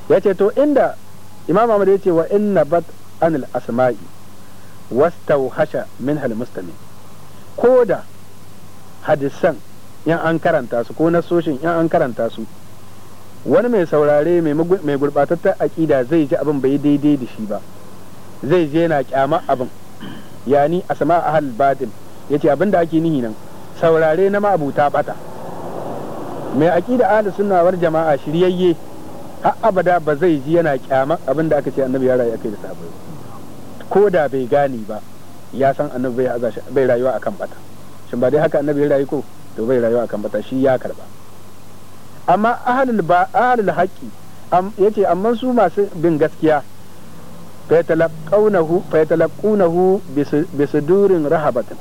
ya ce to inda imam Ahmad ya ce wa inna bat anil asma'i wastawhasha min hal mustamin ko da hadisan yan an karanta su ko nasoshin yan an karanta su wani mai saurare mai gurbatattar aƙida zai ji abin bai daidai da shi ba zai je na kyama abin yani asma'a ahal badin. yace ce da ake nihi nan saurare na ma'abuta bata mai aqida ahlus sunna war jama'a shiryayye har abada ba zai ji yana kyama abin da aka ce annabi ya rayu akai da sabai ko da bai gane ba ya san annabi bai rayuwa akan bata shin ba dai haka annabi ya rayu ko to bai rayuwa akan bata shi ya karba amma ahlul ba ahlul haqqi yace amma su masu bin gaskiya fa yatalaqawnahu fa yatalaqawnahu bi rahabatin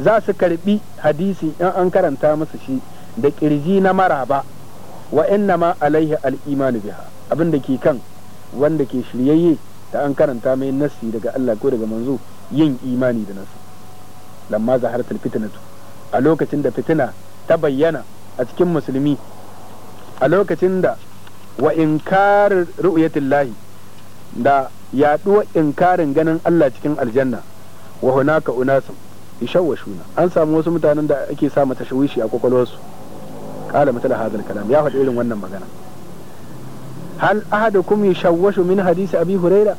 za su karbi hadisi in an karanta musu shi da kirji na maraba wa inna ma alaihi al'imanu biha abin da ke kan wanda ke shiryayye da an karanta mai nasi daga Allah ko daga manzo yin imani da nasu lamma zahartul fitnatu a lokacin da fitina ta bayyana a cikin musulmi a lokacin da wa inkar lahi da yaduwa inkarin ganin Allah cikin aljanna wa hunaka unasun yashawashuna an samu wasu mutanen da ake sama mata a kwakwalwarsu qala mutala hadal kalam ya faɗi irin wannan magana hal kum yashawashu min hadisi abi huraira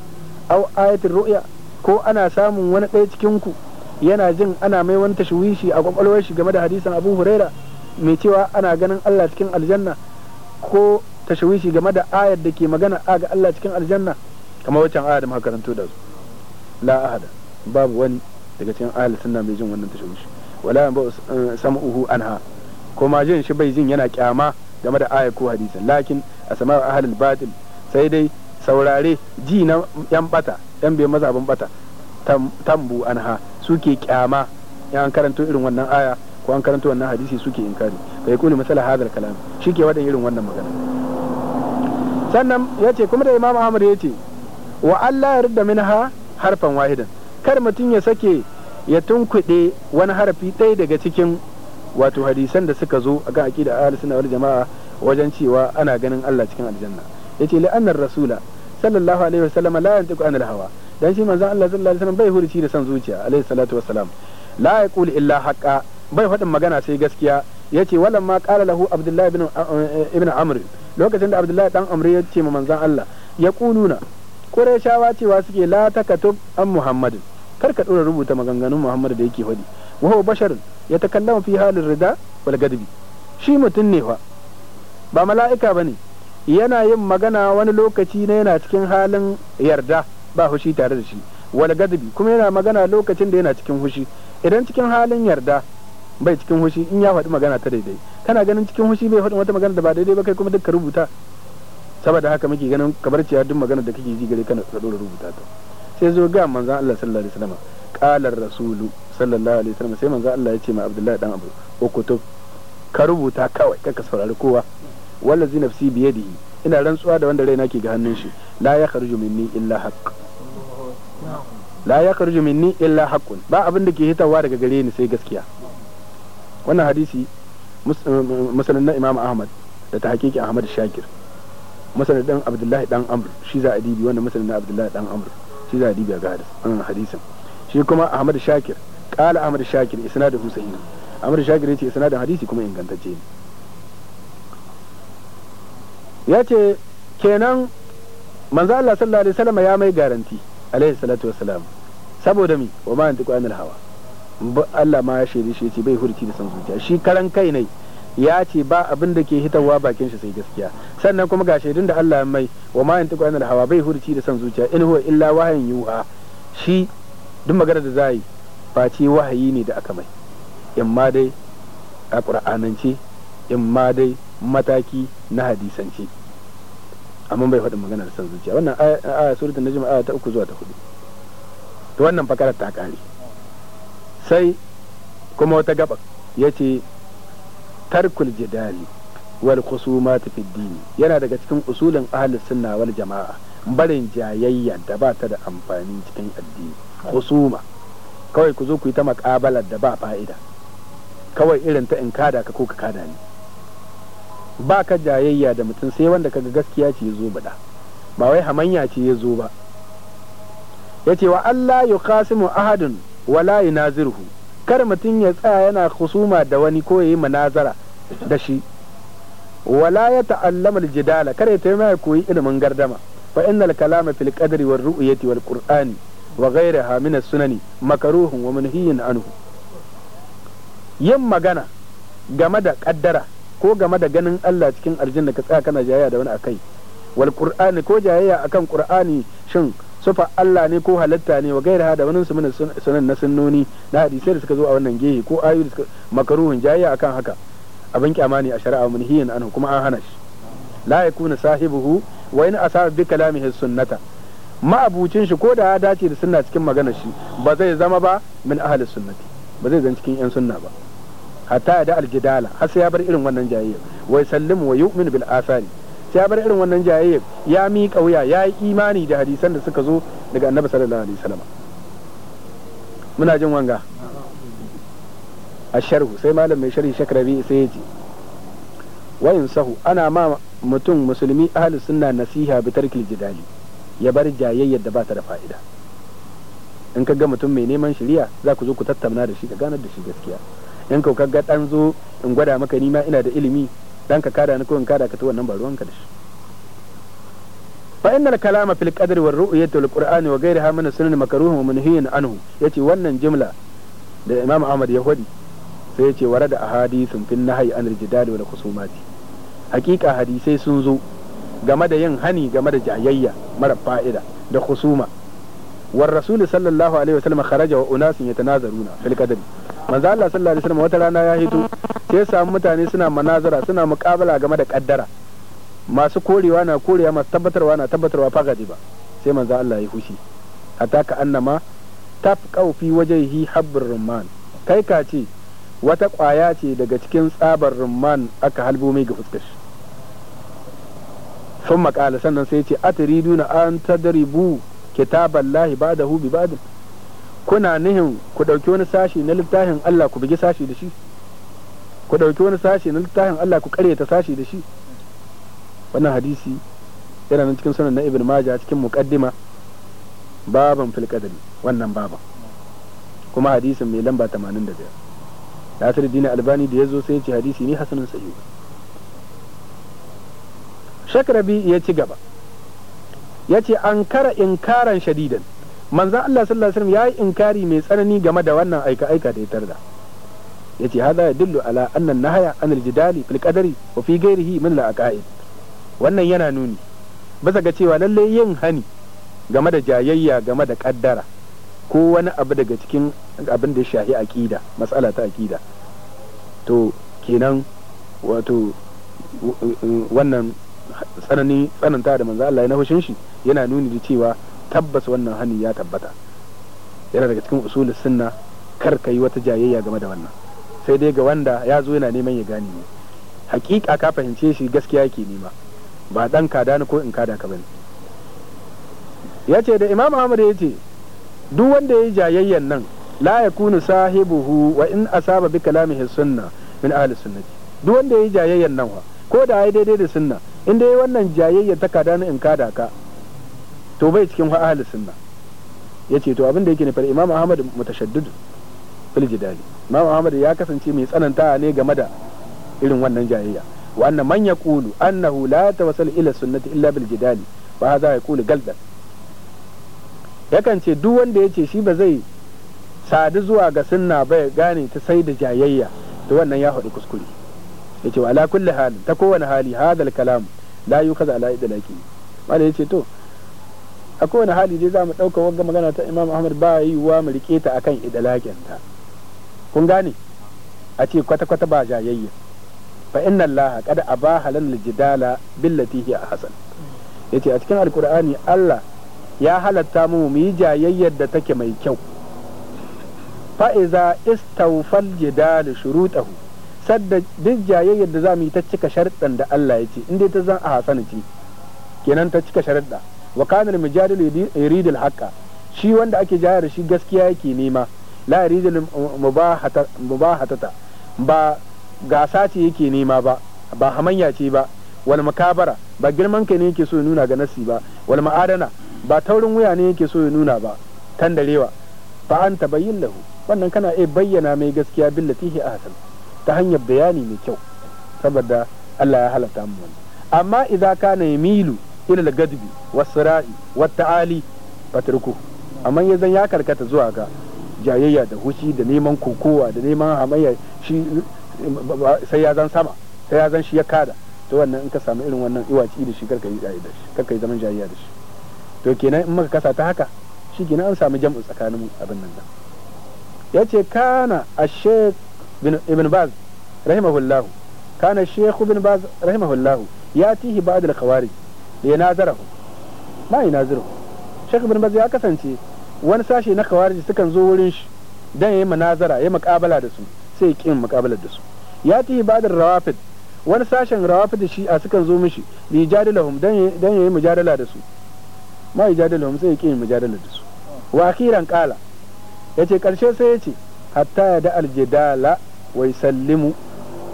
aw ayatir ru'ya ko ana samun wani ɗaya cikin ku yana jin ana mai wani tashwishi a kwakwalwar shi game da hadisin abu huraira mai cewa ana ganin Allah cikin aljanna ko tashwishi game da ayar da ke magana a ga Allah cikin aljanna kamar wancan ayar da muka karanto da su la ahada babu wani daga cikin ahli sunna bai jin wannan tashawushi wala ba eh, sam'uhu anha kuma jin shi bai jin yana kyama game da aya ko hadisi lakin sama ahli batil sai dai saurare ji na yan bata yan bai ban bata tambu anha suke kyama yan karanto irin wannan aya ko an karanto wannan hadisi suke inkari kai kuli misala hadal kalam shike wadan irin wannan magana sannan yace kuma da imam ahmad yace wa Allah yarda minha harfan wahidan kar mutum ya sake ya tunkuɗe wani harafi ɗaya daga cikin wato hadisan da suka zo a kan aƙida ahli sunna wal jama'a wajen cewa ana ganin Allah cikin aljanna ya ce la'anar rasula sallallahu alaihi wasallam la yantiqu anil hawa dan shi manzon Allah sallallahu alaihi wasallam bai hurici da san zuciya alaihi salatu wassalam la yaqulu illa haqa bai faɗin magana sai gaskiya yace walan ma qala lahu abdullahi ibn eh, ibn amr lokacin da abdullahi dan amr ya ce ma manzon Allah ya kununa qurayshawa cewa suke la takatub an muhammadin kar ka dora rubuta maganganun Muhammad da yake faɗi wa ya ta yatakallamu fi halin rida wal gadbi shi mutum ne fa ba mala'ika ba bane yana yin magana wani lokaci na yana cikin halin yarda ba hushi tare da shi wal gadbi kuma yana magana lokacin da yana cikin hushi idan cikin halin yarda bai cikin hushi in ya faɗi magana ta daidai kana ganin cikin hushi bai faɗi wata magana da ba daidai ba kai kuma duk ka rubuta saboda haka muke ganin kabarciya duk magana da kake ji gare kana ka rubuta ta sai zo ga manzan Allah sallallahu alaihi wasallam qalar rasulu sallallahu alaihi wasallam sai manzan Allah ya ce ma Abdullahi dan Abu okutub ka rubuta kawai kaka saurari kowa wallazi nafsi biyadihi ina rantsuwa da wanda raina ke ga hannun shi la ya kharju minni illa haqq la ya kharju minni illa haqq ba abin da ke hitawa daga gare ni sai gaskiya wannan hadisi musnad na Imam Ahmad da ta hakiki Ahmad Shakir masanin dan Abdullahi dan Amr shi za a dibi wannan masanin na Abdullahi dan Amr shi za a dibiya ga hadisin shi kuma ahmad shakir kala ahmad shakir isnadin husaini ahmad shakir ya ce da hadisi kuma ingantacce ne yace kenan manzo Allah sallallahu alaihi wasallam ya mai garanti alaihi salatu wassalam saboda mi wa ma yantiqu anil hawa Allah ma ya shaidi shi yace bai hurci da san zuciya shi karan kai ne ya ce ba abin da ke hitarwa bakin shi sai gaskiya sannan kuma ga shaidun da Allah mai wa ma yantiqu anil hawa bai hurci da san zuciya in huwa illa wahayin yuha shi duk magana da za ba face wahayi ne da aka mai in ma dai a ƙura'anance in ma dai mataki na hadisance amma bai faɗin magana da san zuciya wannan aya suratul najm aya ta uku zuwa ta hudu to wannan fakarar ta kare sai kuma wata gaba yace tarkul jidali wal khusumat fi dini yana daga cikin usulin ahli sunna wal jama'a barin jayayya da ba ta da amfani cikin addini khusuma kawai ku zo ku yi ta makabalar da ba fa'ida kawai irin ta in kada ka ko ka kada ni ba ka jayayya da mutum sai wanda kaga gaskiya ce ya zo bada ba wai hamanya ce yazo ba yace wa Allah yuqasimu ahadun wala yunazirhu kar mutum ya tsaya yana husuma da wani ko ya yi munazara da shi wala ya ta'allama aljidala kar ya taimaka ya koyi ilimin gardama fa innal kalama fil qadri wal ru'yati wal qur'ani wa ghayriha min as-sunani makruhun wa manhiyun anhu yin magana game da kaddara ko game da ganin Allah cikin aljanna ka tsaya kana jayayya da wani akai wal qur'ani ko jayayya akan qur'ani shin sufa Allah ne ko halatta ne wa gaira da wani su sunan na sunnoni na hadisai da suka zo a wannan gehe ko ayu da suka makaruhun jayya akan haka abin kyama ne a shari'a hiyan anhu kuma an hana shi la yakuna sahibuhu wa in asaba bi kalamihi sunnata ma'abucin shi ko da ya dace da sunna cikin maganar shi ba zai zama ba min ahli sunnati ba zai zan cikin yan sunna ba hatta ya da aljidala har sai ya bar irin wannan jayayya wa sallimu wa yu'minu bil asari ya bar irin wannan jayayya ya miƙa wuya ya yi imani da hadisan da suka zo daga annabi sallallahu alaihi wasallam muna jin wanga a sharhu sai malam mai sharhi shakrabi sai ya ce wayin sahu ana ma mutum musulmi ahli sunna nasiha bi tarkil jidali ya bar jayayyar da ba ta da fa'ida in ka ga mutum mai neman shari'a za ku zo ku tattauna da shi ka ganar da shi gaskiya in ka ga dan zo in gwada maka nima ina da ilimi dan ka kada ni ko in kada ka to wannan ba ruwanka da shi fa innal kalama fil qadri war ru'yati wal qur'ani wa ghayriha min sunan makruhun wa munhiyin anhu yace wannan jimla da imam ahmad ya hadi sai yace warada ahadithun fil nahyi an rijidal wal khusumati hakika hadisai sun zo game da yin hani game da jayayya mara fa'ida da khusuma war rasul sallallahu alaihi wasallam kharaja wa unasin yatanazaruna fil qadri manzo Allah sallallahu alaihi wasallam wata rana ya hito sai ya samu mutane suna manazara suna muƙabala game da kaddara masu korewa na korewa masu tabbatarwa na tabbatarwa fagadi ba sai manzo Allah ya hushi hatta ka annama tafqau fi wajhihi habbur rumman kai ka ce wata ƙwaya ce daga cikin tsabar rumman aka halbo mai ga fuskar sun maƙala sannan sai ce na an tadribu kitaballahi da bi ba'dahu kuna nihin ku ɗauki wani sashi na littafin Allah ku bugi sashi da shi ku ɗauki wani sashi na littafin Allah ku ƙaryata sashi da shi wannan hadisi yana nan cikin sunan na ibn majah cikin muqaddima baban fil qadari wannan baban kuma hadisin mai lamba 85 Nasiruddin Albani da yazo sai ya ce hadisi ni hasanun sahih Shakrabi ya ci gaba ya ce an kara inkaran shadidan manzan Allah sallallahu alaihi ya yi inkari mai tsanani game da wannan aika aika da ya da yace hada dillu ala annan nahaya anil jidali fil qadari wa fi ghairihi min al aqaid wannan yana nuni bisa ga cewa lalle yin hani game da jayayya game da kaddara ko wani abu daga cikin abin da ya shahi aqida mas'ala ta aqida to kenan wato wannan tsanani tsananta da manzo Allah ya nahushin shi yana nuni da cewa tabbas wannan hani ya tabbata yana daga cikin usulin sunna kar ka yi wata jayayya game da wannan sai dai ga wanda ya zo yana neman ya gane ne hakika ka fahimce shi gaskiya yake nema ba dan kada ni ko in kada ka bane ya ce da imam ahmad ya ce duk wanda ya yi jayayyan nan la yakunu sahibuhu wa in asaba bi kalamihi sunna min ahli sunnati duk wanda ya yi jayayyan nan wa ko da ai daidai da sunna in dai wannan jayayya ta kada ni in kada ka to bai cikin wa ahli sunna yace to abin da yake nufar imam ahmad mutashaddid fil jidali imam ahmad ya kasance mai tsananta ne game da irin wannan jayayya wa anna man yaqulu annahu la tawassal ila sunnati illa bil jidali fa hadha yaqulu galdan yakan ce duk wanda ya ce shi ba zai sadu zuwa ga sunna ba ya gane ta sai da jayayya to wannan ya faɗi kuskure yace wa ala kulle hal ta kowane hali hadal kalam la yukaza ala idlaki wala yace to a kowane hali dai za mu ɗauka wagga magana ta imam ahmad ba yiwuwa mu rike ta akan idalakin ta kun gane a ce kwata-kwata ba jayayya fa inna allaha qad abaha lana jidala billati hiya ahsan yace a cikin alkur'ani allah ya halatta mu mu yi jayayyar da take mai kyau fa'iza istawfal jidal shurutahu sadda duk jayayyar da za mu yi ta cika sharɗan da Allah ya ce in dai ta zan a hasana ce kenan ta cika sharɗa wa kanar al mujadil yurid al shi wanda ake jayar shi gaskiya yake nema la yurid al mubahatata ba gasa ce yake nema ba ba hamanya ce ba wal makabara ba girman kai ne yake so ya nuna ga nasi ba wal ma'adana ba taurin wuya ne yake so ya nuna ba tandarewa fa an tabayyin lahu wannan kana iya bayyana mai gaskiya billatihi ahsan ta hanyar bayani mai kyau saboda Allah ya halatta mu wani amma idza kana yamilu ilal gadbi wasra'i wata'ali fatruku amma yanzu ya karkata zuwa ga jayayya da hushi da neman kokowa da neman hamayya shi sai ya zan sama sai ya zan shi ya kada to wannan in ka samu irin wannan iwaci da shi karka yi da shi karka yi zaman jayayya da shi to kenan in muka kasa ta haka shi kenan an samu jam'u tsakanin abin nan ya ce kana a sheikh ibn baz rahimahullahu kana sheikh ibn baz rahimahullahu ya tihi ba'd al-khawarij ya nazarahu ma nazara ku shek bin ya kasance wani sashe na kawarji sukan zo wurin shi dan yayi munazara ya muqabala da su sai ya kin muqabala da su ya ti ibadar rawafid wani sashen rawafid shi a sukan zo mishi bi jadalahum dan ya yi mujadala da su ma yajadalahum sai ya kin mujadala da su wa akhiran qala yace karshe sai yace hatta ya da aljidala wa yusallimu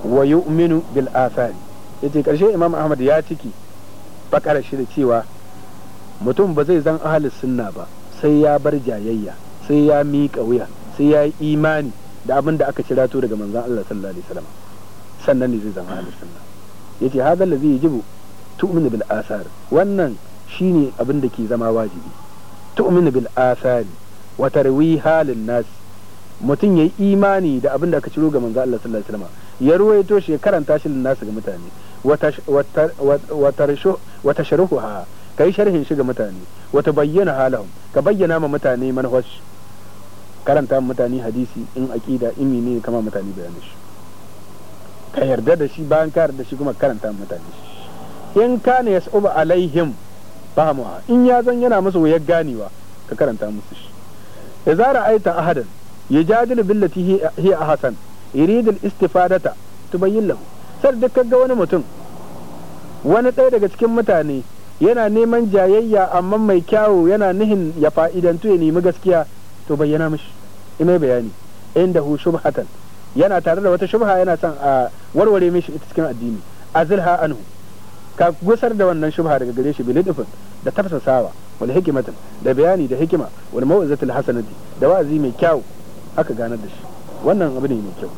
wa yu'minu bil athari yace karshe imam ahmad ya ciki bakara shi da cewa mutum ba zai zan ahalis sunna ba sai ya bar jayayya sai ya miƙa wuya sai ya yi imani da abin da aka cirato daga manzon Allah sallallahu alaihi wasallam sannan ne zai zan ahalis sunna yace hadha allazi yajibu tu'minu bil asar wannan shine abin da ke zama wajibi tu'minu bil asar wa tarwi halin nas mutum ya yi imani da abin da aka ciro ga manzo Allah sallallahu alaihi wasallam ya ruwaito shi karanta shi lin nasu ga mutane Wata sharhu ha kai sharhin shi ga mutane wata bayyana halahum ka bayyana ma mutane manhaj karanta mutane hadisi in aqida imi ne kama mutane bayanin shi ka yarda da shi bayan ka yarda shi kuma karanta mutane shi in kana yas'uba alaihim fahimuha in ya zan yana musu wayar ganewa ka karanta musu shi ya ra'aita ahadan yajadilu billati hiya ahasan yuridu al istifadata tubayyin lahu sar duk kaga wani mutum wani ɗaya daga cikin mutane yana neman jayayya amma mai kyawu yana nihin ya fa'idantu ya nemi gaskiya to bayyana mishi ina bayani inda hu shubhatan yana tare da wata shubha yana son a warware mishi ita cikin addini azilha anhu ka gusar da wannan shubha daga gare shi bilidifin da tafsasawa wal hikimatan da bayani da hikima wal mau'izatul hasanati da wa'azi mai kyawu aka ganar da shi wannan abu ne mai kyau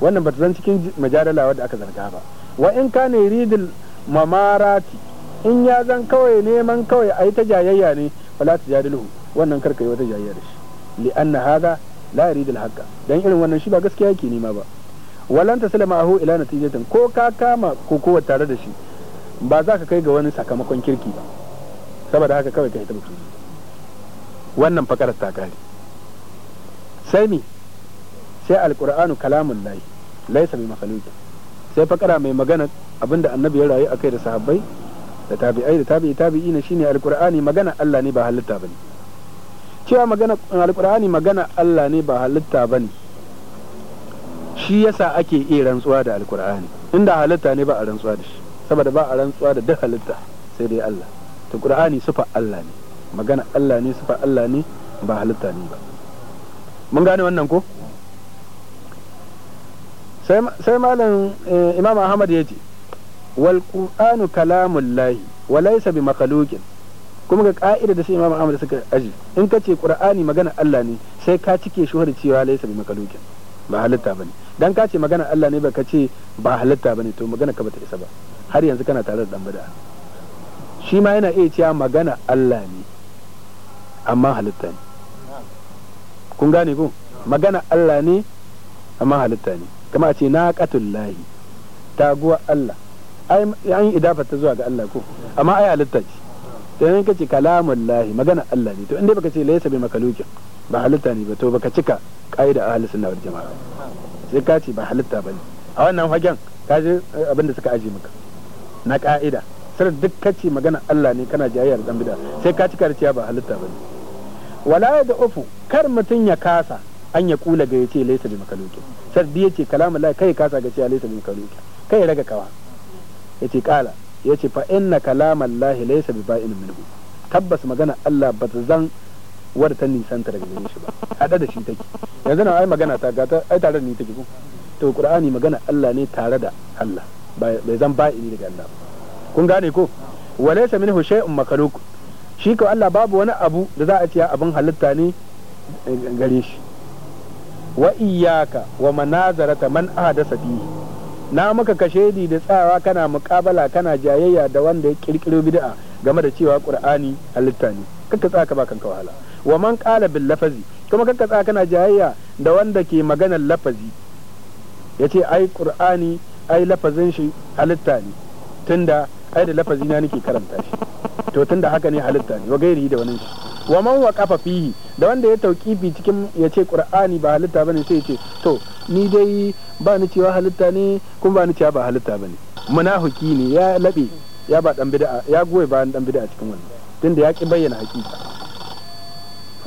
wannan bata zan cikin majadala wadda aka zarga ba wa in kana yuridul mamarati in ya zan kawai neman kawai a yi ta jayayya ne wala ta jadilu wannan karka yi wata jayayya da shi li anna haga la yuridul haqqa dan irin wannan shi ba gaskiya yake nima ba walan taslima ahu ila natijatin ko ka kama kokowa tare da shi ba za ka kai ga wani sakamakon kirki ba saboda haka kawai ka yi ta mutum wannan fakarar ta kare sai mi sai alqur'anu kalamun lahi laysa bi makhluq sai fakara mai magana abinda annabi ya rayu akai da sahabbai da tabi'ai da tabi'i ne shine alqur'ani magana Allah ne ba halitta bane cewa magana alqur'ani magana Allah ne ba halitta bane shi yasa ake iya rantsuwa da alqur'ani inda halitta ne ba a rantsuwa da shi saboda ba a rantsuwa da duk halitta sai dai Allah to qur'ani sufa Allah ne magana Allah ne sufa Allah ne ba halitta ne ba mun gane wannan ko sai malam eh, imam ahmad ya ce wal qur'anu kalamullahi wa laysa bi makhluqin kuma ga ka'ida da sai imamu Ahmad suka aji in ka ce qur'ani magana Allah ne sai ka cike shuhar cewa laysa bi makhluqin ba halitta bane dan ka ce magana Allah ne ba ka ce ba halitta bane to magana ka bata isa ba har yanzu kana tare da dan bid'a shi yana iya cewa magana Allah ne amma halitta ne kun gane ko magana Allah ne amma halitta ne kama a ce na lahi taguwa Allah an yi idafa ta zuwa ga Allah ko amma ai halitta ce to in kace lahi magana Allah ne to inda baka ce laysa bi makalukin ba halitta ne ba to baka cika kaida ahli sunna wal jamaa sai ka ce ba halitta bane a wannan fagen ka ji eh, abin da suka aje maka na ka'ida sai duk kace magana Allah ne kana jayyar dan bid'a sai ka cika da ba halitta bane wala da ufu kar mutun ya kasa an ya kula ga yace laysa bi makalukin sai ce kalamul lahi kai kasa ga cewa laysa bi makalukin kai raga kawa yace kala yace fa inna kalamallahi laysa bi ba'in minhu tabbas magana Allah ba ta zan wadda ta nisanta daga gare shi ba hada da shi take yanzu na ai magana ta ga ai tare da ni take ko to qur'ani magana Allah ne tare da Allah bai zan ba'ini daga Allah kun gane ko walaysa minhu shay'un makaluk shi ko Allah babu wani abu da za a ce abin halitta ne eh, gare shi wa iyyaka wa manazarata man ahadasa fihi na maka kashedi da tsawa kana mukabala kana jayayya da wanda ya kirkiro bid'a game da cewa qur'ani halitta ne kakka tsaka ka bakan wahala wa man qala bil lafazi kuma kakka tsaka kana jayayya da wanda ke maganar lafazi yace ai qur'ani ai lafazin shi halitta ne tunda ai da lafazi na nake karanta shi to tunda haka ne halitta ne wa gairi da wani shi wa man wa kafa fihi da wanda ya bi cikin ya ce qur'ani ba halitta bane sai ya ce to ni dai ba ni cewa halitta ne kuma ba ni cewa ba halitta bane munafiki ne ya labe ya ba dan bid'a ya goye ba dan bid'a cikin wannan tunda ya ki bayyana hakika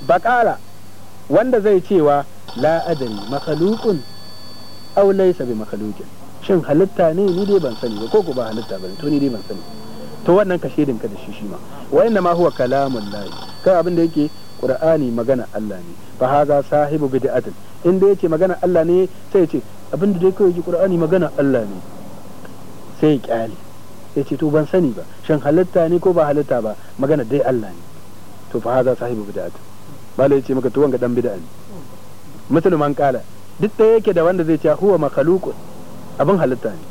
baqala wanda zai cewa la adari makhluqun aw laysa bi makhluqin shin halitta ne ni dai ban sani ba ko ko ba halitta bane to ni dai ban sani to wannan ka shedin ka da shi shi ma wa inna ma huwa kalamun lahi kai abin da yake qur'ani magana Allah ne fa haza sahibu bid'atin in da yake magana Allah ne sai ya ce abin da dai kai yake qur'ani magana Allah ne sai ya kyale ya ce to ban sani ba shan halitta ne ko ba halitta ba magana dai Allah ne to fa haza sahibu bid'atin bala ya ce maka to wanga dan bid'a ne musulman kala duk da yake da wanda zai ce huwa makhluqun abin halitta ne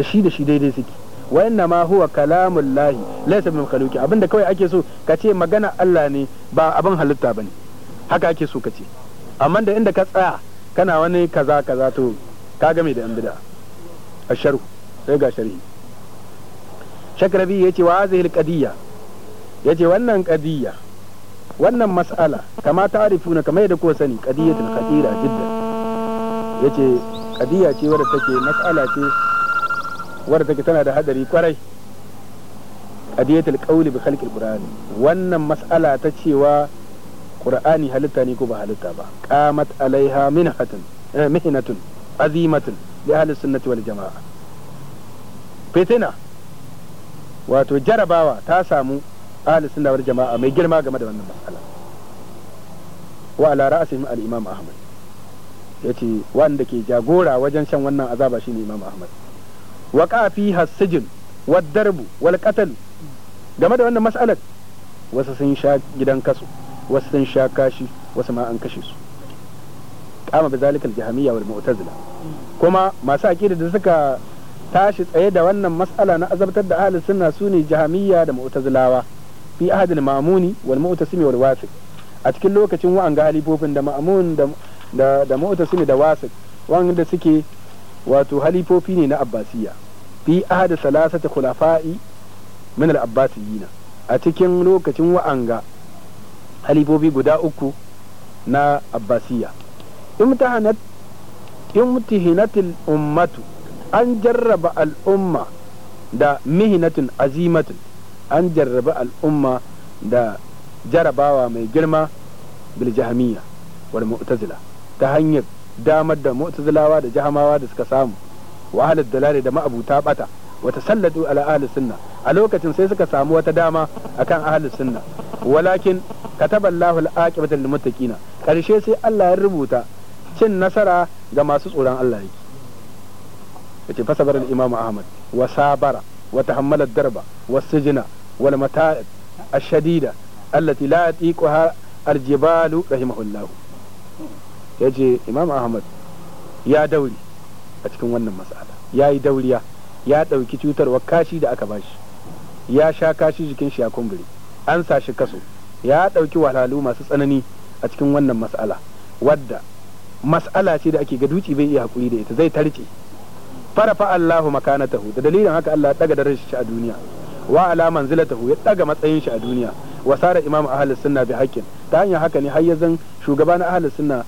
da shi da shi daidai suke wa inna ma huwa kalamullahi laysa min khaluqi abinda kawai ake so ka ce magana Allah ne ba abin halitta bane haka ake so ka ce amma da inda ka tsaya kana wani kaza kaza to ka game da yan asharu sai ga sharhi shakrabi yace wa hadhihi alqadiyya yace wannan qadiyya wannan mas'ala kama ta'rifuna kama yadda ko sani qadiyatul khatira jiddan yace qadiyya ce wadda take mas'ala ce wadda take tana da hadari kwarai a adiyatul qawli bi khalqil qur'ani wannan mas'ala ta cewa qur'ani halitta ne ko ba halitta ba qamat alaiha minhatun eh, mihnatun azimatun li ahli sunnati wal jama'a fitina wato jarabawa ta samu ahli sunna wal jama'a mai girma game da wannan mas'ala wa ala ra'sihim al imam ahmad yace wanda ke jagora wajen shan wannan azaba shine imam ahmad Waƙa fiha sijin waddarbu walƙatal wal game da wannan mas'alar wasu sun sha gidan kasu wasu sun sha kashi wasu ma an kashe su kama bi zalikal jahamiyya wal mu'tazila kuma masu aqida da suka tashi tsaye da wannan mas'ala na azabtar da ahlus sunna sune jahamiyya da mu'tazilawa fi ahadil ma'muni wal mu'tasimi wal wasiq a cikin lokacin wa'an galibofin da ma'mun da da mu'tasimi da wa'an da suke wato halifofi ne na abbasiya fi ahad salasata khulafa'i min al-abbasiyina a cikin lokacin wa'anga halifofi guda uku na abbasiya imtihanat imtihinatil ummatu an jarraba al'umma da mihinatun azimatu an jarraba al'umma da jarabawa mai girma bil jahmiya wal mu'tazila ta hanyar damar da mu'tazilawa da jahamawa da suka samu wa ahlud dalali da ma'abuta bata wata sallatu ala ahli sunna a lokacin sai suka samu wata dama akan ahli sunna walakin kataballahu al-aqibata lil muttaqina karshe sai Allah ya rubuta cin nasara ga masu tsoron Allah yake yace fasabar al-imam Ahmad wa sabara wa tahammala ad-darba wa sijna wal mata'ib ash-shadida allati la yatiquha al-jibalu rahimahullahu ya ce imam ahmad ya dauri a cikin wannan mas'ala ya yi dauriya ya ɗauki cutarwa kashi da aka bashi ya sha kashi jikin shi ya kumbure an sa shi kaso ya ɗauki wahalhalu masu tsanani a cikin wannan matsala wadda matsala ce da ake ga duci bai iya hakuri da ita zai tarce farafa Allahu makanatahu da dalilin haka Allah ya daga darajar shi a duniya wa zila manzilatahu ya daga matsayin shi a duniya wa sara imam ahlus sunna bi haqqin ta hanyar haka ne har yanzu shugaba na ahlus sunna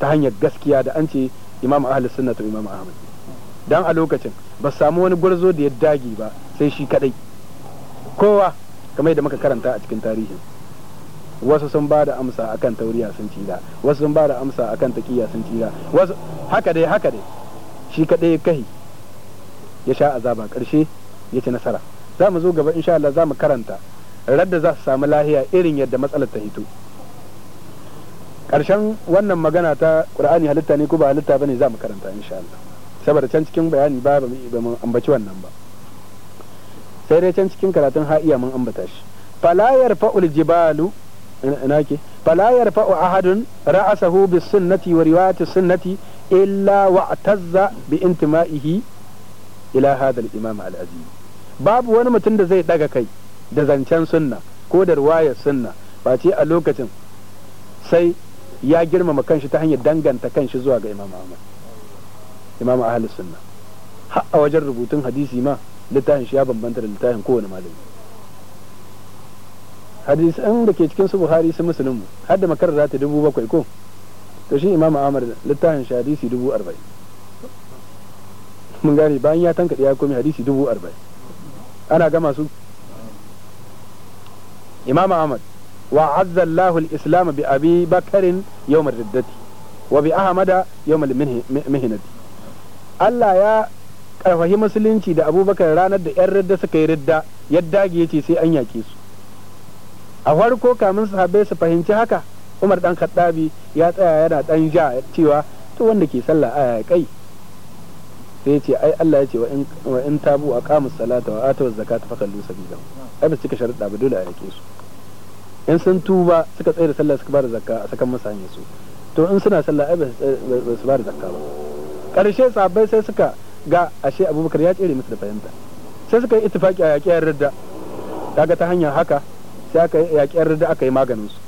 ta hanyar gaskiya da an ce imam ahlus sunna to imam ahmad dan a lokacin ba samu wani gwarzo da ya dage ba sai shi kadai kowa kamar yadda muka karanta a cikin tarihi wasu sun ba da amsa akan tauriya sun da wasu sun ba da amsa akan taqiya sun da wasu haka dai haka dai shi kadai ya kai ya sha azaba karshe ya ci nasara za mu zo gaba insha Allah za mu karanta radda za su samu lahiya irin yadda matsalar ta hito karshen wannan magana ta qur'ani halitta ne ko ba halitta bane za mu karanta insha Allah saboda can cikin bayani ba ba mu ambaci wannan ba sai dai can cikin karatun ha'iya mun ambata shi falayar fa'ul jibalu ina ke fala ahadun ra'asahu bis sunnati wa riwayati sunnati illa tazza bi intima'ihi ila hadha al imam al azim babu wani mutum da zai daga kai da zancen sunna ko da riwayar sunna ce a lokacin sai ya girmama kanshi ta hanyar danganta kanshi zuwa ga imam ahmad imam ahalus sunna ha a wajen rubutun hadisi ma littafin shi ya bambanta da littafin kowane malami hadisan da ke cikin su buhari su musulun har da makarar zata dubu bakwai ko to shi imam ahmad littafin shi hadisi dubu arba'in mun gane bayan ya tankaɗe ya komi hadisi dubu arba'in ana gama su imam ahmad wa azza Allahu islam bi Abi Bakarin yawm riddati wa bi Ahmada yawm al Allah ya karfahi musulunci da Abubakar ranar da yan radda suka yi ridda yadda ya yace sai an yake su a farko kamin sahabbai su fahimci haka Umar dan Khattabi ya tsaya yana dan ja cewa to wanda ke sallah a kai sai ya ce ai Allah ya ce wa in tabu aqamus salata wa atu zakata fakallu sabila ai ba cika sharuɗa ba dole a yake su in sun tuba suka tsaye da sallah suka da zakka a sakan masa su to in suna sallah ai ba su ba da zakka ba karshe sabai sai suka ga ashe abubakar ya tsere musu da fahimta sai suka yi ittifaki a yaƙiyar radda kaga ta hanyar haka sai aka yi yaƙiyar radda aka yi maganin su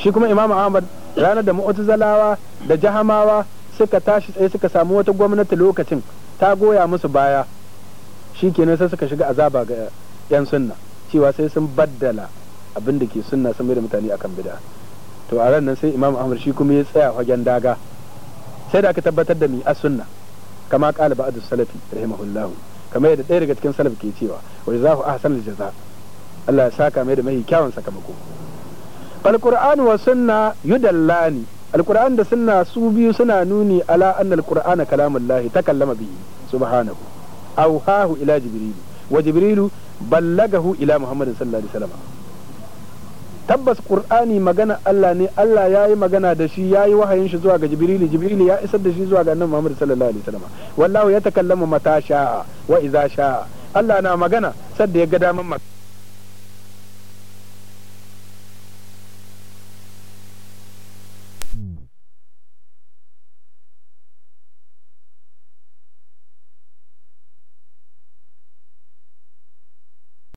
shi kuma imamu ahmad ranar da mu'tazalawa da jahamawa suka tashi tsaye suka samu wata gwamnati lokacin ta goya musu baya shi kenan sai suka shiga azaba ga yan sunna cewa sai sun baddala abin da ke sunna sun da mutane akan bid'a to a ran nan sai imam ahmad shi kuma ya tsaya fagen daga sai da aka tabbatar da mi a sunna kama ba adu salafi rahimahullahu kamar yadda ɗaya daga cikin salaf ke cewa wa jazahu ahsanul jaza Allah ya saka mai da mahi kyawun sakamako alqur'anu wa sunna yudallani alqur'an da sunna su biyu suna nuni ala anna alqur'ana kalamullahi takallama bihi subhanahu auhahu ila jibril wa jibrilu ballagahu ila muhammadin sallallahu alaihi wasallam tabbas qur'ani magana Allah ne Allah ya yi magana da shi ya yi wahayin shi zuwa ga jibrili jibrili ya isar da shi zuwa ga annabi Muhammad sallallahu alaihi wasallam wallahu ya takallamu mata sha wa iza sha'a Allah na magana sadda ya ga daman magana